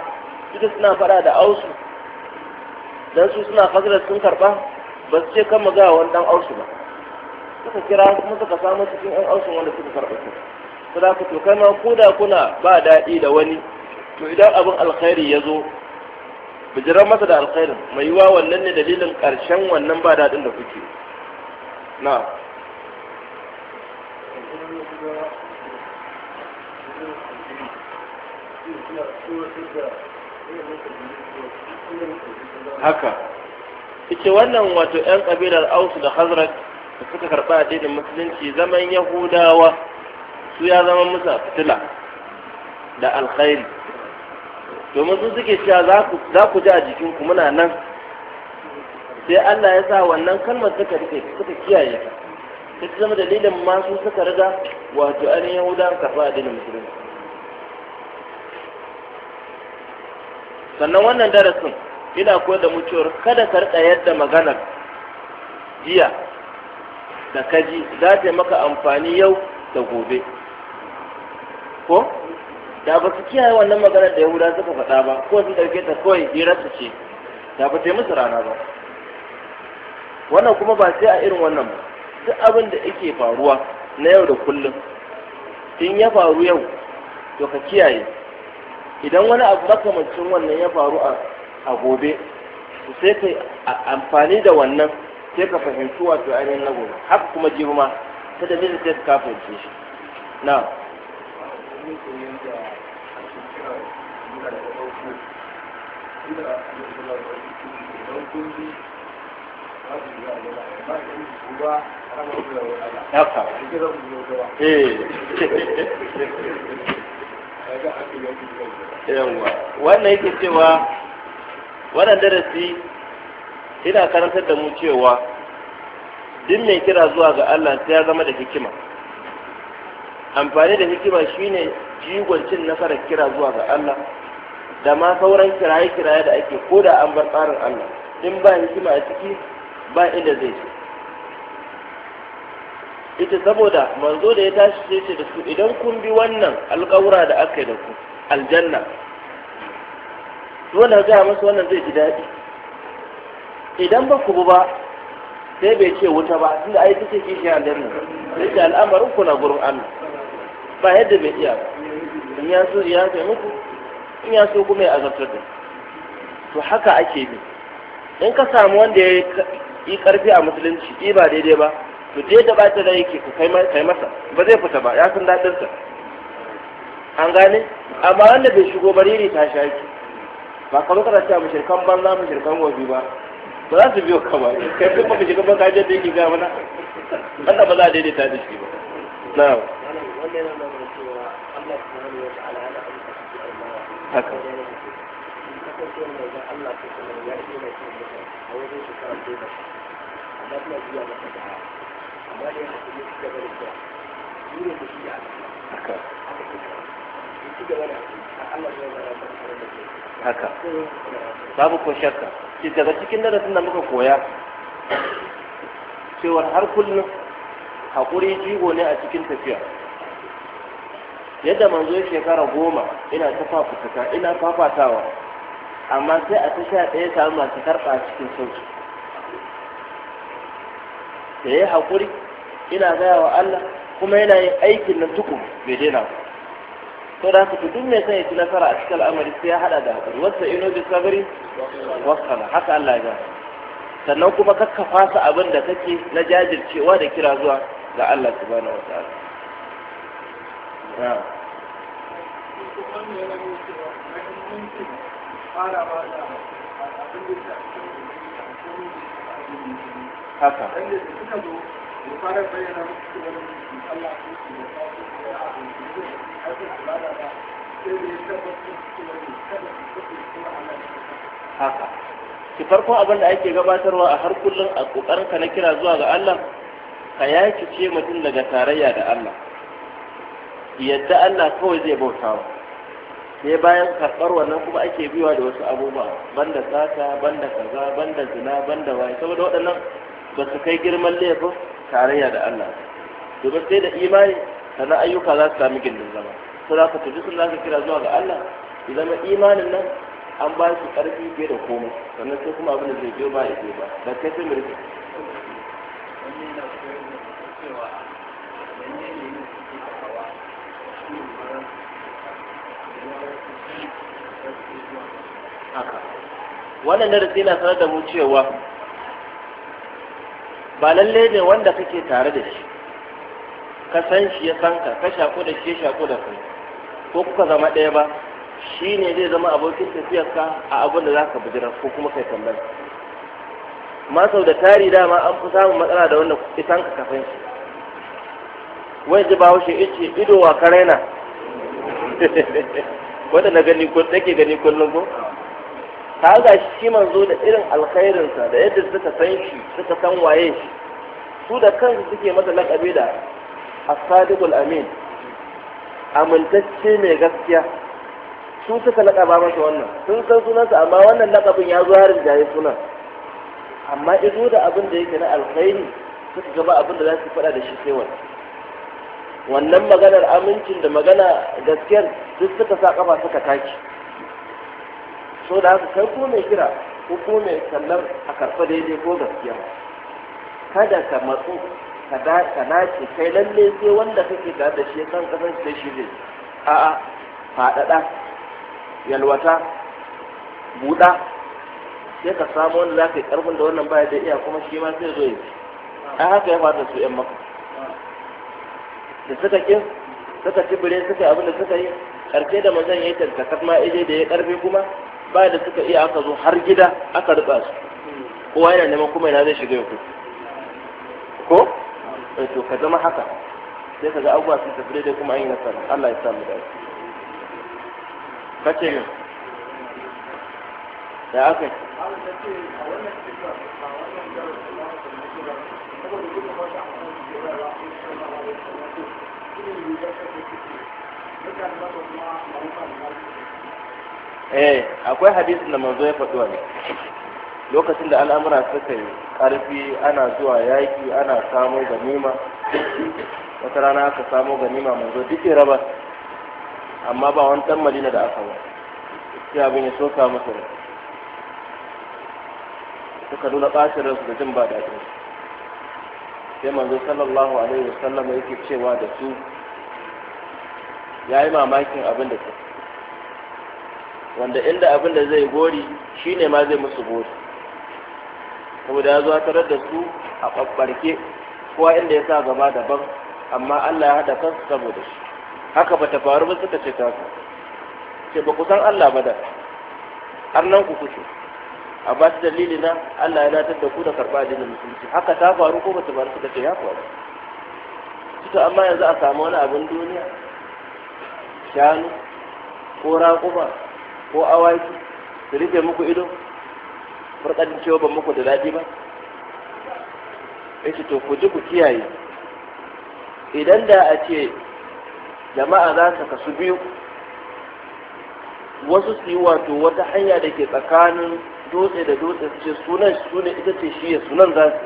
su da suna faɗa da ausu dan su suna fasilar sun karɓa ba su ce kan magana wani ɗan ausu ba suka kira kuma suka samu cikin ɗan ausu wanda suka karɓa su su da ku to ma ko da kuna ba daɗi da wani to idan abin alkhairi ya zo bijiran masa da alkhairin mai yiwa wannan ne dalilin ƙarshen wannan ba daɗin da kuke na haka ita wannan wato 'yan kabilar ausu da hazrat da suka karɓa addinin musulunci zaman yahudawa su ya zama musa fitila da alkhairi domin su suke cewa za ku ji a jikinku muna nan sai Allah ya sa wannan kalmar suka rike suka kiyaye ta ta zama dalilin masu suka riga wato ainihin ka fa da musulunci sannan wannan darasin ina koyar da mu cewa kada ka riƙa yadda maganar jiya da kaji za ta maka amfani yau da gobe ko da ba su kiyaye wannan maganar da yahuda suka faɗa ba ko sun ɗauke ta kawai hirarsu ce da ba ta yi musu rana ba wannan kuma ba sai a irin wannan ba duk abin da yake faruwa na yau da kullum in ya faru yau to ka kiyaye idan wani abu makamancin wannan ya faru a gobe sai ka amfani da wannan sai ka fahimci wato ainihin na gobe haka kuma jirma ta da mil sai ka fahimci shi na
Thank you. Eh.
wannan yake cewa wannan darasi yana karantar da mu cewa duk mai kira zuwa ga Allah sai ya zama da hikima amfani da hikima shine jigon cin nasarar kira zuwa ga Allah da ma sauran kiraye-kiraye da ake ko da an bar tsarin Allah in ba hikima a ciki ba inda zai je ita saboda manzo da ya tashi sai ce da su idan kun bi wannan alƙawura da aka yi da ku aljanna dole ga masu wannan zai ji daɗi idan ba ku ba sai bai ce wuta ba tunda ai take kishi aljanna sai ce al'amarin ku na gurin Allah ba yadda bai iya ba in ya so ya kai muku in ya so kuma ya azabtar da to haka ake bi in ka samu wanda ya i karfi a musulunci i ba daidai ba to da yadda bata da yake ku kai masa ba zai fita ba ya san daɗin sa an gane amma wanda bai shigo ba riri ta shaki ba kamar kana cewa mushirkan banza mushirkan gobe ba ba za su biyo ka ba kai kuma mushirkan banza kajin da yake ga mana wannan ba za a daidaita da shi ba na'am
haka Allah haka
ke babu ko shakka daga cikin darasin da muka koya cewar har kullum haƙuri jigo ne a cikin tafiya yadda manzo ya shekara goma ina ta fafutuka ina fafatawa amma sai a ta sha ɗaya samu masu karɓa cikin sauki da ya haƙuri ina gaya wa Allah kuma yana yin aikin nan tuku bai daina ba to da haka duk mai son ya ci nasara a cikin al'amari sai ya hada da haƙuri wasta ino bi sabri wakala haka Allah ya gaya sannan kuma kakka fasa abin da kake na jajircewa da kira zuwa ga Allah subhanahu wa
na'am haka haka
ki farko abin da ake gabatarwa a har kullum a ka na kira zuwa ga Allah ka yaki ce mutum daga tarayya da Allah yadda Allah kawai zai bautawa sai bayan karɓar wannan kuma ake biwa da wasu abubuwa banda sata banda kaza banda zina banda waye saboda waɗannan ba su kai girman laifin tarayya da Allah domin sai da imani sannan ayyuka za su sami gindin zama su za ku tafi sun za kira zuwa ga Allah idan imanin nan an ba su ƙarfi fiye da komai sannan sai kuma abin da zai biyo ba ya biyo ba da kai sai mirki haka wannan darasi na sanar da mu cewa ba lalle ne wanda kake tare da shi ka san shi ya san ka ka shaku da shi ya shaku da kai ko kuka zama ɗaya ba shi ne zai zama abokin tafiyarka a abin da za ka bujira ko kuma kai tambar ma da tari dama an fi samun matsala da wanda isan ka kafin shi wani ji bahaushe ya ce ido wa karaina wanda gani ko take gani kullum ko ta ga shi manzo da irin alkhairinsa da yadda suka san shi suka san waye shi su da kansu suke masa lakabi da asadiqul amin amintacce mai gaskiya su suka lakaba masa wannan sun san sunansa amma wannan lakabin ya zo harin jaye sunan amma izo da abin da yake na alkhairi suka gaba abin da za su faɗa da shi sai wannan wannan maganar amincin da magana gaskiyar duk suka sa kafa suka taki so da haka kai ko mai kira ko ko mai kallar a karfa daidai ko gaskiya kada ka matsu ka dace kai lalle sai wanda kake tare da shi san kasan shi shi ne a'a faɗaɗa yalwata buɗa sai ka samu wanda za ka yi ƙarfin da wannan baya da iya kuma shi ma sai zo yi a haka ya fata su ‘yan maka da suka ƙi suka ci bire suka yi abin da suka yi ƙarfe da mazan ya yi tantakar ma ije da ya ƙarfe kuma ba da suka iya aka zo har gida aka riba su kowa yana neman kuma yana zai shiga yau ko eh, to ka zama haka sai ka ga abubuwa sun tafi daidai kuma an yi nasara Allah ya samu da ka ce min da aka yi
Thank you.
eh akwai hadisin da manzo ya faɗi ne. lokacin da al'amura suka yi ƙarfi ana zuwa yaƙi ana samo ganima wata rana aka samo ganima manzo duk ya raba amma ba wani ɗan madina da aka ba sai abin ya soka musu ne suka nuna ɓacin ransu da jin ba daɗin sai manzo sallallahu alaihi wasallam yake cewa da su ya yi mamakin abin da suka wanda inda abin da zai gori ne ma zai musu gori saboda ya zo tarar da su a ɓaɓɓarke kowa inda ya sa gaba daban amma Allah ya haɗa kansu saboda shi haka bata faru ba suka ce tasu ce ba ku san Allah ba da har nan ku kuce a ba su dalili na Allah ya datar da ku da karɓa addinin musulunci haka ta faru ko bata faru suka ce ya faru suka amma yanzu a samu wani abin duniya shanu ko raƙuma ko awaki su rike muku ido farkadin cewa ban muku da daɗi ba yace to ku ji ku kiyaye idan da a ce jama'a za su kasu biyu wasu su yi wato wata hanya da ke tsakanin dutse da dutse su ce sunan su ne ita ce shi ya sunan za su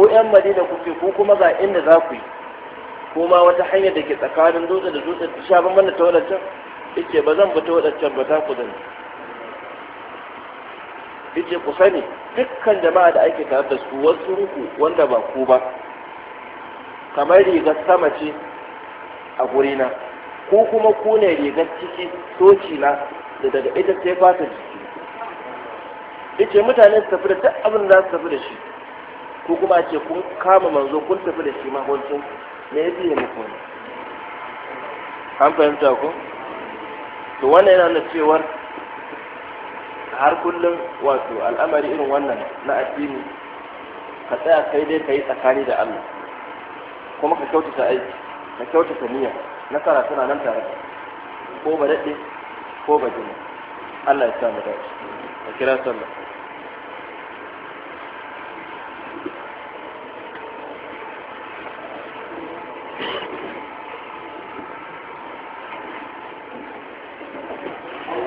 ko yan madina kuke ko kuma ga inda za ku yi ko ma wata hanya da ke tsakanin dutse da dutse ta sha ban da ta yake ba zan fito waɗancan ba za ku zani yake ku sani dukkan jama'a da ake tare da su wasu ruku wanda ba ku ba kamar rigar sama ce a gurina ko kuma ku ne rigar ciki soci na da daga ita sai fata jiki yace mutane su tafi da duk abin da za su tafi da shi ko kuma ce kun kama manzo kun tafi da shi mahoncin me yafi ne muku an fahimta ku? to wannan yana nuna cewar har kullum wato al'amari irin wannan na addini ka tsaya kai dai ka yi tsakani da Allah kuma ka kyautata aiki ka kyautata niyya nasara tana nan tare ko ba daɗe ko ba jini, Allah ya sa mu dace ka kira sallah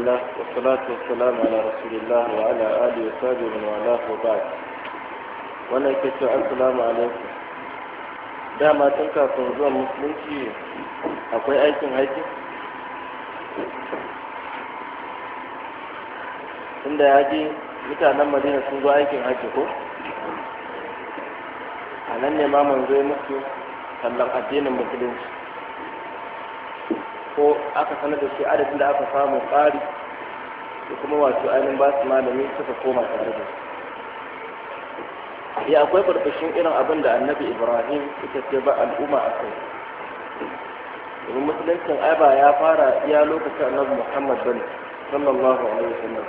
الله والصلاة والسلام على رسول الله وعلى آله وصحبه ومن والاه وبعد wannan ke cewa assalamu alaikum dama tun kafin zuwa musulunci akwai aikin haji inda ya ji mutanen madina sun zo aikin haji ko a nan ne ma ya musu kallon addinin musulunci ko aka sanar da shi adadin da aka samu ƙari da kuma wato ainihin ba su malami suka koma tare da su ya akwai farfashin irin abin da annabi ibrahim ita ce ba al'umma a kai domin musuluncin ai ba ya fara iya lokacin annabi muhammad bane sallallahu alaihi wasallam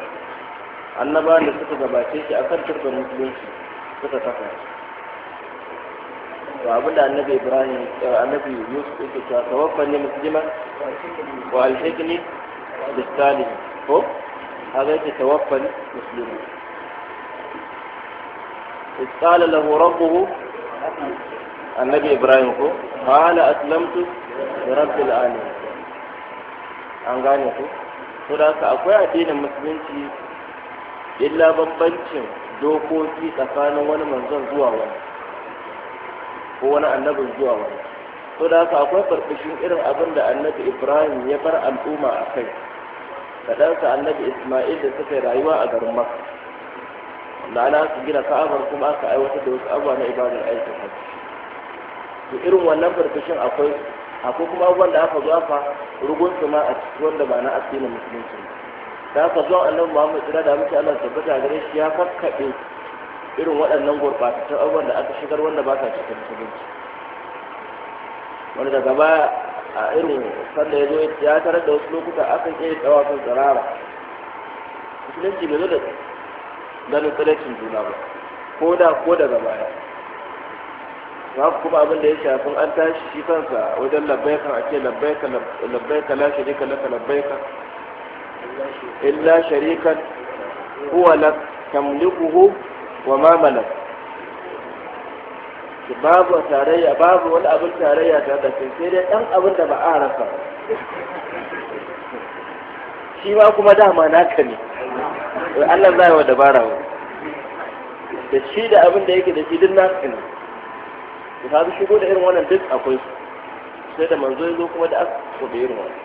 annaba da suka gabace shi a kan turban musulunci suka kafa to abinda annabi ibrahim annabi yusuf yake cewa tawaffani musliman wa alhikni bisalihin ko هذا يتوفى مسلما إذ قال له ربه النبي إبراهيم قال أسلمت لرب العالمين an gane ku to da haka akwai addinin musulunci illa bambancin dokoki tsakanin wani manzon zuwa wani ko wani annabin zuwa wani to da haka akwai farfashin irin abin da annabi ibrahim ya bar al'umma a kai da ɗansa annabi isma'il da suka rayuwa a garin makka ana su gina ka'abar kuma aka aiwatar da wasu abubuwa na ibadar aikin hajji to irin wannan farfashin akwai akwai kuma abubuwan da aka zuwa fa rugun su ma a cikin wanda ba na na musulunci da aka zuwa annabi muhammad tsira da muke allah tabbata gare shi ya kakkaɓe irin waɗannan gurɓatattun abubuwan da aka shigar wanda ba sa cikin musulunci wanda daga baya a irin sanda ya zo ya tarar da wasu lokuta yi iya tsawafin tsirara musulunci bai zo da ganin tsiraicin juna ba ko da ko daga baya za kuma abin da ya shafi an tashi shi kansa wajen labbaika a ce labbaika labbaika la sharika laka labbaika illa sharikan huwa lak tamlikuhu wa ma malak babu tarayya babu wani abin tarayya ta da sai dai dan abin da ba a rasa shi ma kuma dama naka ne
wai Allah zai wa dabara
wa da shi da abin da yake da shi duk naka ne to ka shigo da irin wannan duk akwai su sai da manzo ya zo kuma da aka da irin wannan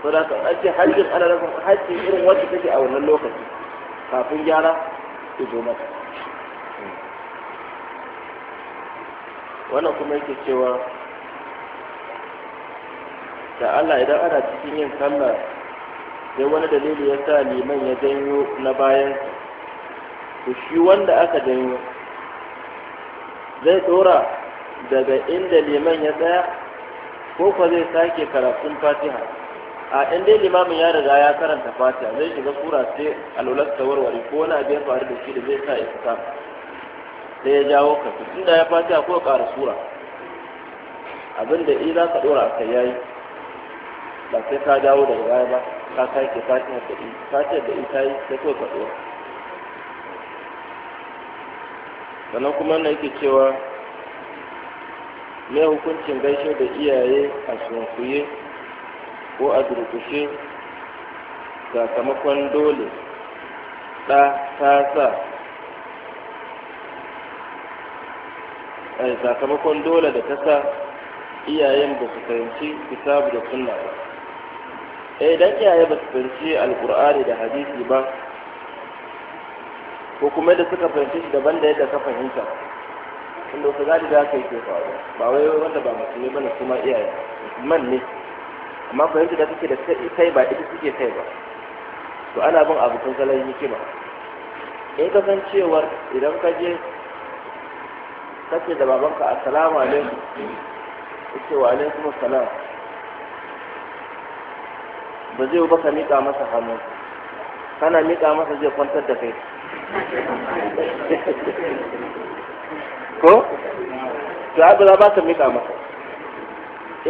to da kan ake hajjin ana rasa hajji irin wacce take a wannan lokaci kafin gyara ya zo mata wannan kuma yake cewa da Allah idan ana cikin yin sallah sai wani dalili ya sa liman ya janyo na bayan to shi wanda aka janyo zai tsora daga inda liman ya tsaya ko kuwa zai sake karatun fatiha a inda limamin ya riga ya karanta fatiha zai shiga sura sai alwalar warware ko wani abin faru da shi da zai sa ya fita sai ya jawo ka to inda ya a ko ƙara sura abinda in za ka ɗora a kai yayi ba sai ka dawo daga baya ba ka ke fatiyar da in fatiyar da in ta yi sai kowa ka ɗora sannan kuma na yake cewa me hukuncin gaishe da iyaye a sunkuye ko a durkushe sakamakon dole ɗa ta sa sakamakon dole da ta sa iyayen ba su fahimci kitabu da sunna ba eh dan iyaye ba su fahimci alkur'ani da hadisi ba ko kuma yadda suka fahimci shi daban da yadda ka fahimta inda su gadi da aka yi ke faru ba wai wanda ba musulmi bane kuma iyaye musulman ne amma fahimta da suke da kai ba ita suke kai ba to ana bin abu abokan salon hikima eh kasancewar idan ka je kace da babanka assalamu alaikum yace wa alaikum assalam ba zai ba ka miƙa masa hannu kana miƙa masa zai kwantar da kai ko to abu za ba ka miƙa masa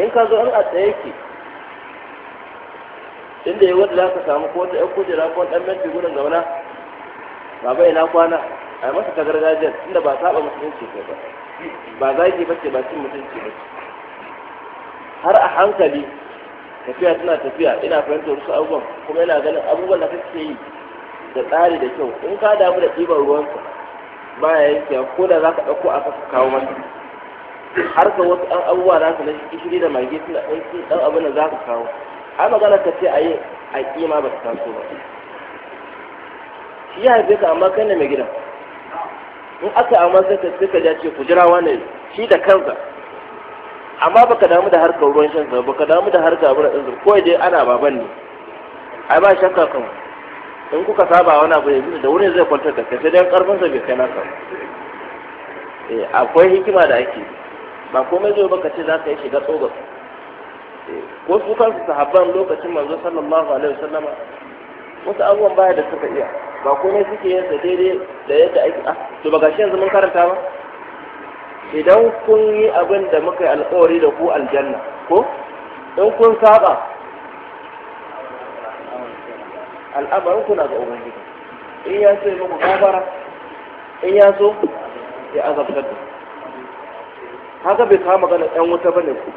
in ka zo in a tsaye ki inda yi wanda za ka samu ko ta ƴan kujera ko ɗan minti gudun zauna baba ina kwana a masa ta gargajiya tunda ba saba musulunci kai ba ba zagi ba ce ba cin mutunci ba har a hankali tafiya tana tafiya ina fahimtar wasu abubuwan kuma ina ganin abubuwan da kake yi da tsari da kyau in ka damu da ɗiban ruwansa ba ya yanke ko da za ka ɗauko a kasa kawo masa har ka wasu ɗan abubuwa za ka na gishiri da mage suna ɗan ɗan abin da za ka kawo ai magana ka ce a yi a ƙima ba ta taso ba shi ya haife ka amma kai ne mai gidan in aka amma sai ka sai ka ja ce ku jira shi da kansa amma baka damu da harkar ruwan shan sa baka damu da harkar abin da ko je ana baban ne ai ba shakka kan in kuka saba wani abu yanzu da wuri zai kwantar da kai sai dai karfin sa bai kai naka eh akwai hikima da ake ba komai zai baka ce zaka yi shiga tsoga eh, ko su kansu sahabban lokacin manzo sallallahu alaihi wasallama wasu abubuwan baya da suka iya ba komai suke yin sa daidai da yadda ake a ah, to ba gashi yanzu mun karanta ba idan kun yi abin da muka yi alkawari da ku aljanna ko in kun saba al'amarin kuna ga ubangiji in ya so ya muku gafara in ya so ya azabtar da haka bai kama magana ɗan wuta bane ku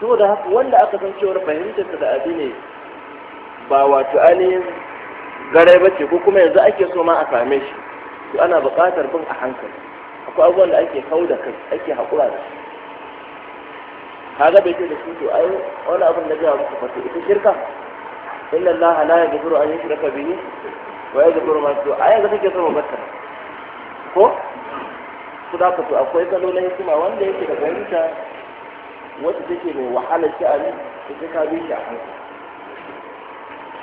to da haka wanda aka san cewar fahimtar da abi ne ba wato ainihin garai ce ko kuma yanzu ake so ma a same shi to ana buƙatar bin a hankali akwai abubuwan da ake hau da kai ake haƙura da shi kaga bai ce da shi to ai wani abin da gaya muku fato ita shirka inna Allah la yaghfiru an yushraka bihi wa yaghfiru ma to ai ga kake so mu batta ko ku da ku akwai kalo na hikima wanda yake da ta wacce take mai wahala sha'ani ita ka bi shi a hankali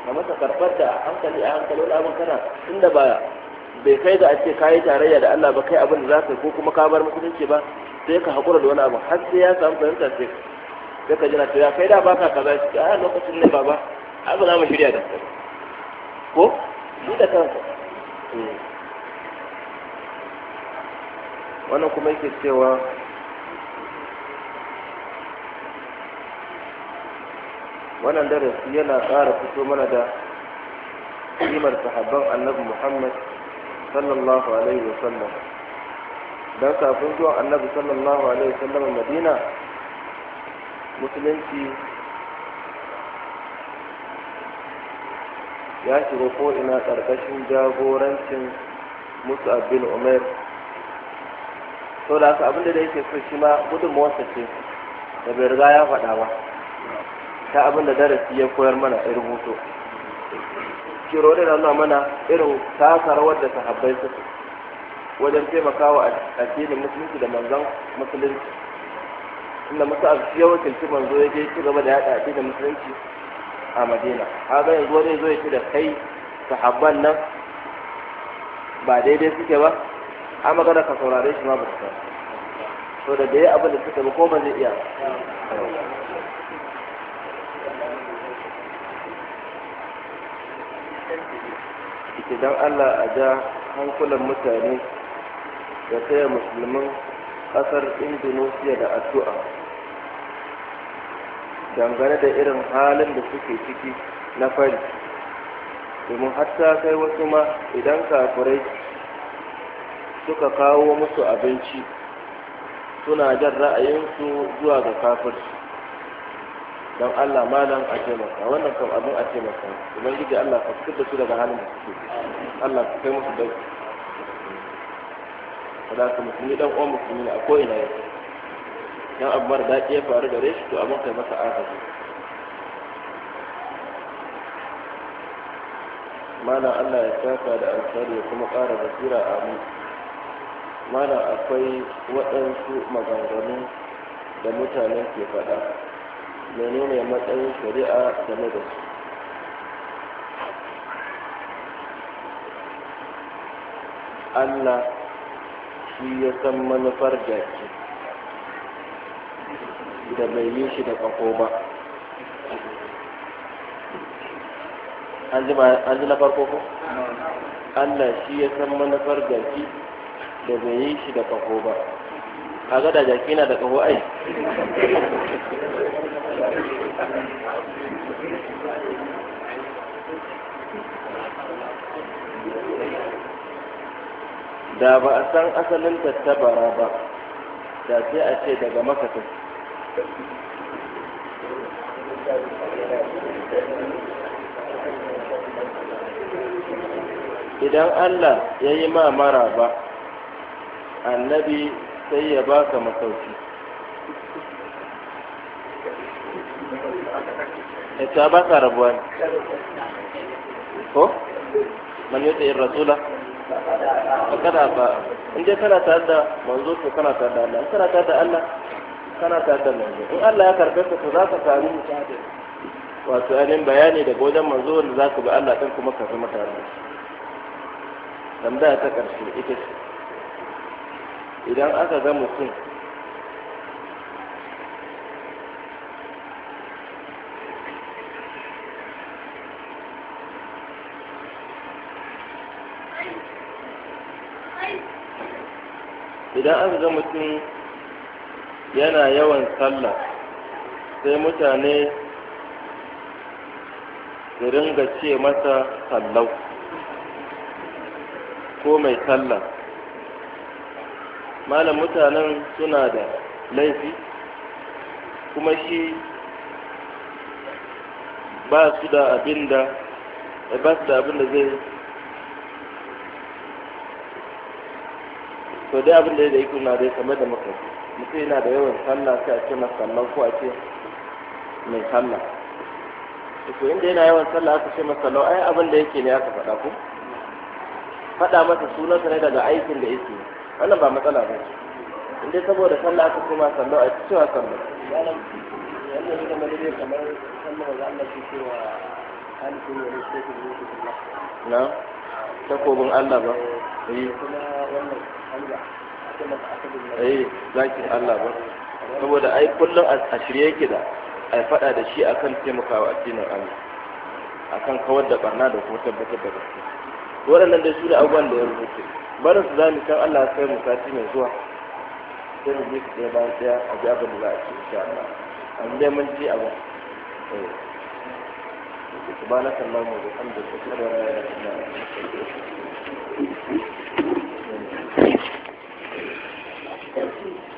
ka masa karɓar da hankali a hankali wani abin kana tunda ba bai kai da ake kayi tarayya da Allah ba kai abin da za ka ko kuma ka bar mutunci ba sai ka haƙura da wani abu har sai ya samu fahimta sai sai ka jira ya kai da ba ka kaza shi a ah, lokacin ne baba abu na mu shirya da kai ko ni
da kanka hmm.
wannan kuma yake cewa wannan darasi yana ƙara fito mana da kimar sahabban annabi muhammad sallallahu alaihi wa sallam don kafin zuwan annabi sallallahu alaihi wa sallam madina musulunci ya shiga ko'ina ƙarƙashin jagorancin musu abin umar sau da haka abinda da yake so shi ma gudunmawarsa ce da bai riga ya faɗa ba ta abin da darasi ya koyar mana ya rubuto kiro da Allah mana irin ta wadda da sahabbai suka wajen taimakawa a addinin musulunci da manzon musulunci inda masu abu ya wakilci manzo ya je ci gaba da yada addinin musulunci a madina haka yanzu wani zo ya ci da kai sahabban nan ba daidai suke ba a magana ka saurare shi ma ba su so da dai abin da suka ba ko ba zai iya ita don allah a ja hankulan mutane da taya musulman ƙasar indonesia da addu'a dangane da irin halin da suke ciki na fari domin hatta kai wasu ma idan kafurai suka kawo musu abinci suna jan ra'ayinsu zuwa ga kafirci don Allah malam a taimaka wannan kam abin a taimaka gidi Allah ka fitar da su daga halin da suke Allah ka kai musu dai kada ka musulmi dan uwan musulmi ne a ko ina yake dan abu mara daɗi ya faru da shi to abin kai masa agaji malam Allah ya saka da alkhairi ya kuma ƙara basira a mu malam akwai waɗansu maganganu da mutanen ke faɗa menene matsayin shari'a game da su Allah shi ya san manufar jaki da mai yi shi da ƙaho ba an ji na farko ko? Allah shi ya san manufar jaki da mai yi shi da ƙaho ba a ga da jaki na da ƙaho ai da ba a san asalin tattabara ba da sai a ce daga makasar idan allah ya yi ma mara ba annabi sai ya baka masauki ya eh, ba sa rabuwa ne ko man yi tsayin rasula a kada ba in dai kana tare da manzo to kana tare da Allah kana tare da Allah kana tare da manzo in Allah ya karɓe ka to za ka sami wato ainihin bayani daga wajen manzo wanda za ka bi Allah ɗin kuma ka zama tare da shi tambaya ta ƙarshe ita ce idan aka ga mutum idan aka ga mutum yana yawan sallah sai mutane su ringa ce masa sallau ko mai sallah malam mutanen suna da laifi kuma shi ba su da abin da ba zai to dai abin da ya da dai kamar da muka mutum yana da yawan sallah sai a ce na sallah ko a ce mai sallah to inda yana yawan sallah aka ce masa sallah ai abin da yake ne aka faɗa ku faɗa masa sunansa ne daga aikin da yake wannan ba matsala ba ce in dai saboda sallah aka ce masa sallah a cewa sallah wannan ita
mai dai kamar sallah da Allah ke cewa halittu ne da shi
na takobin Allah ba Eh, eh zaki Allah ba saboda ai kullum a shirye yake da ai faɗa da shi akan taimakawa a addinin Allah akan kawar da barna da kuma tabbatar da gaske. waɗannan da su da abubuwan da ya rubuce barin su zamu san Allah sai mu sati mai zuwa sai mu ji ɗaya bayan ɗaya a ji abin da za a ci insha Allah an dai mun ji abin eh subhanakallahumma wa bihamdika ashhadu an la ilaha illa anta astaghfiruka Thank you.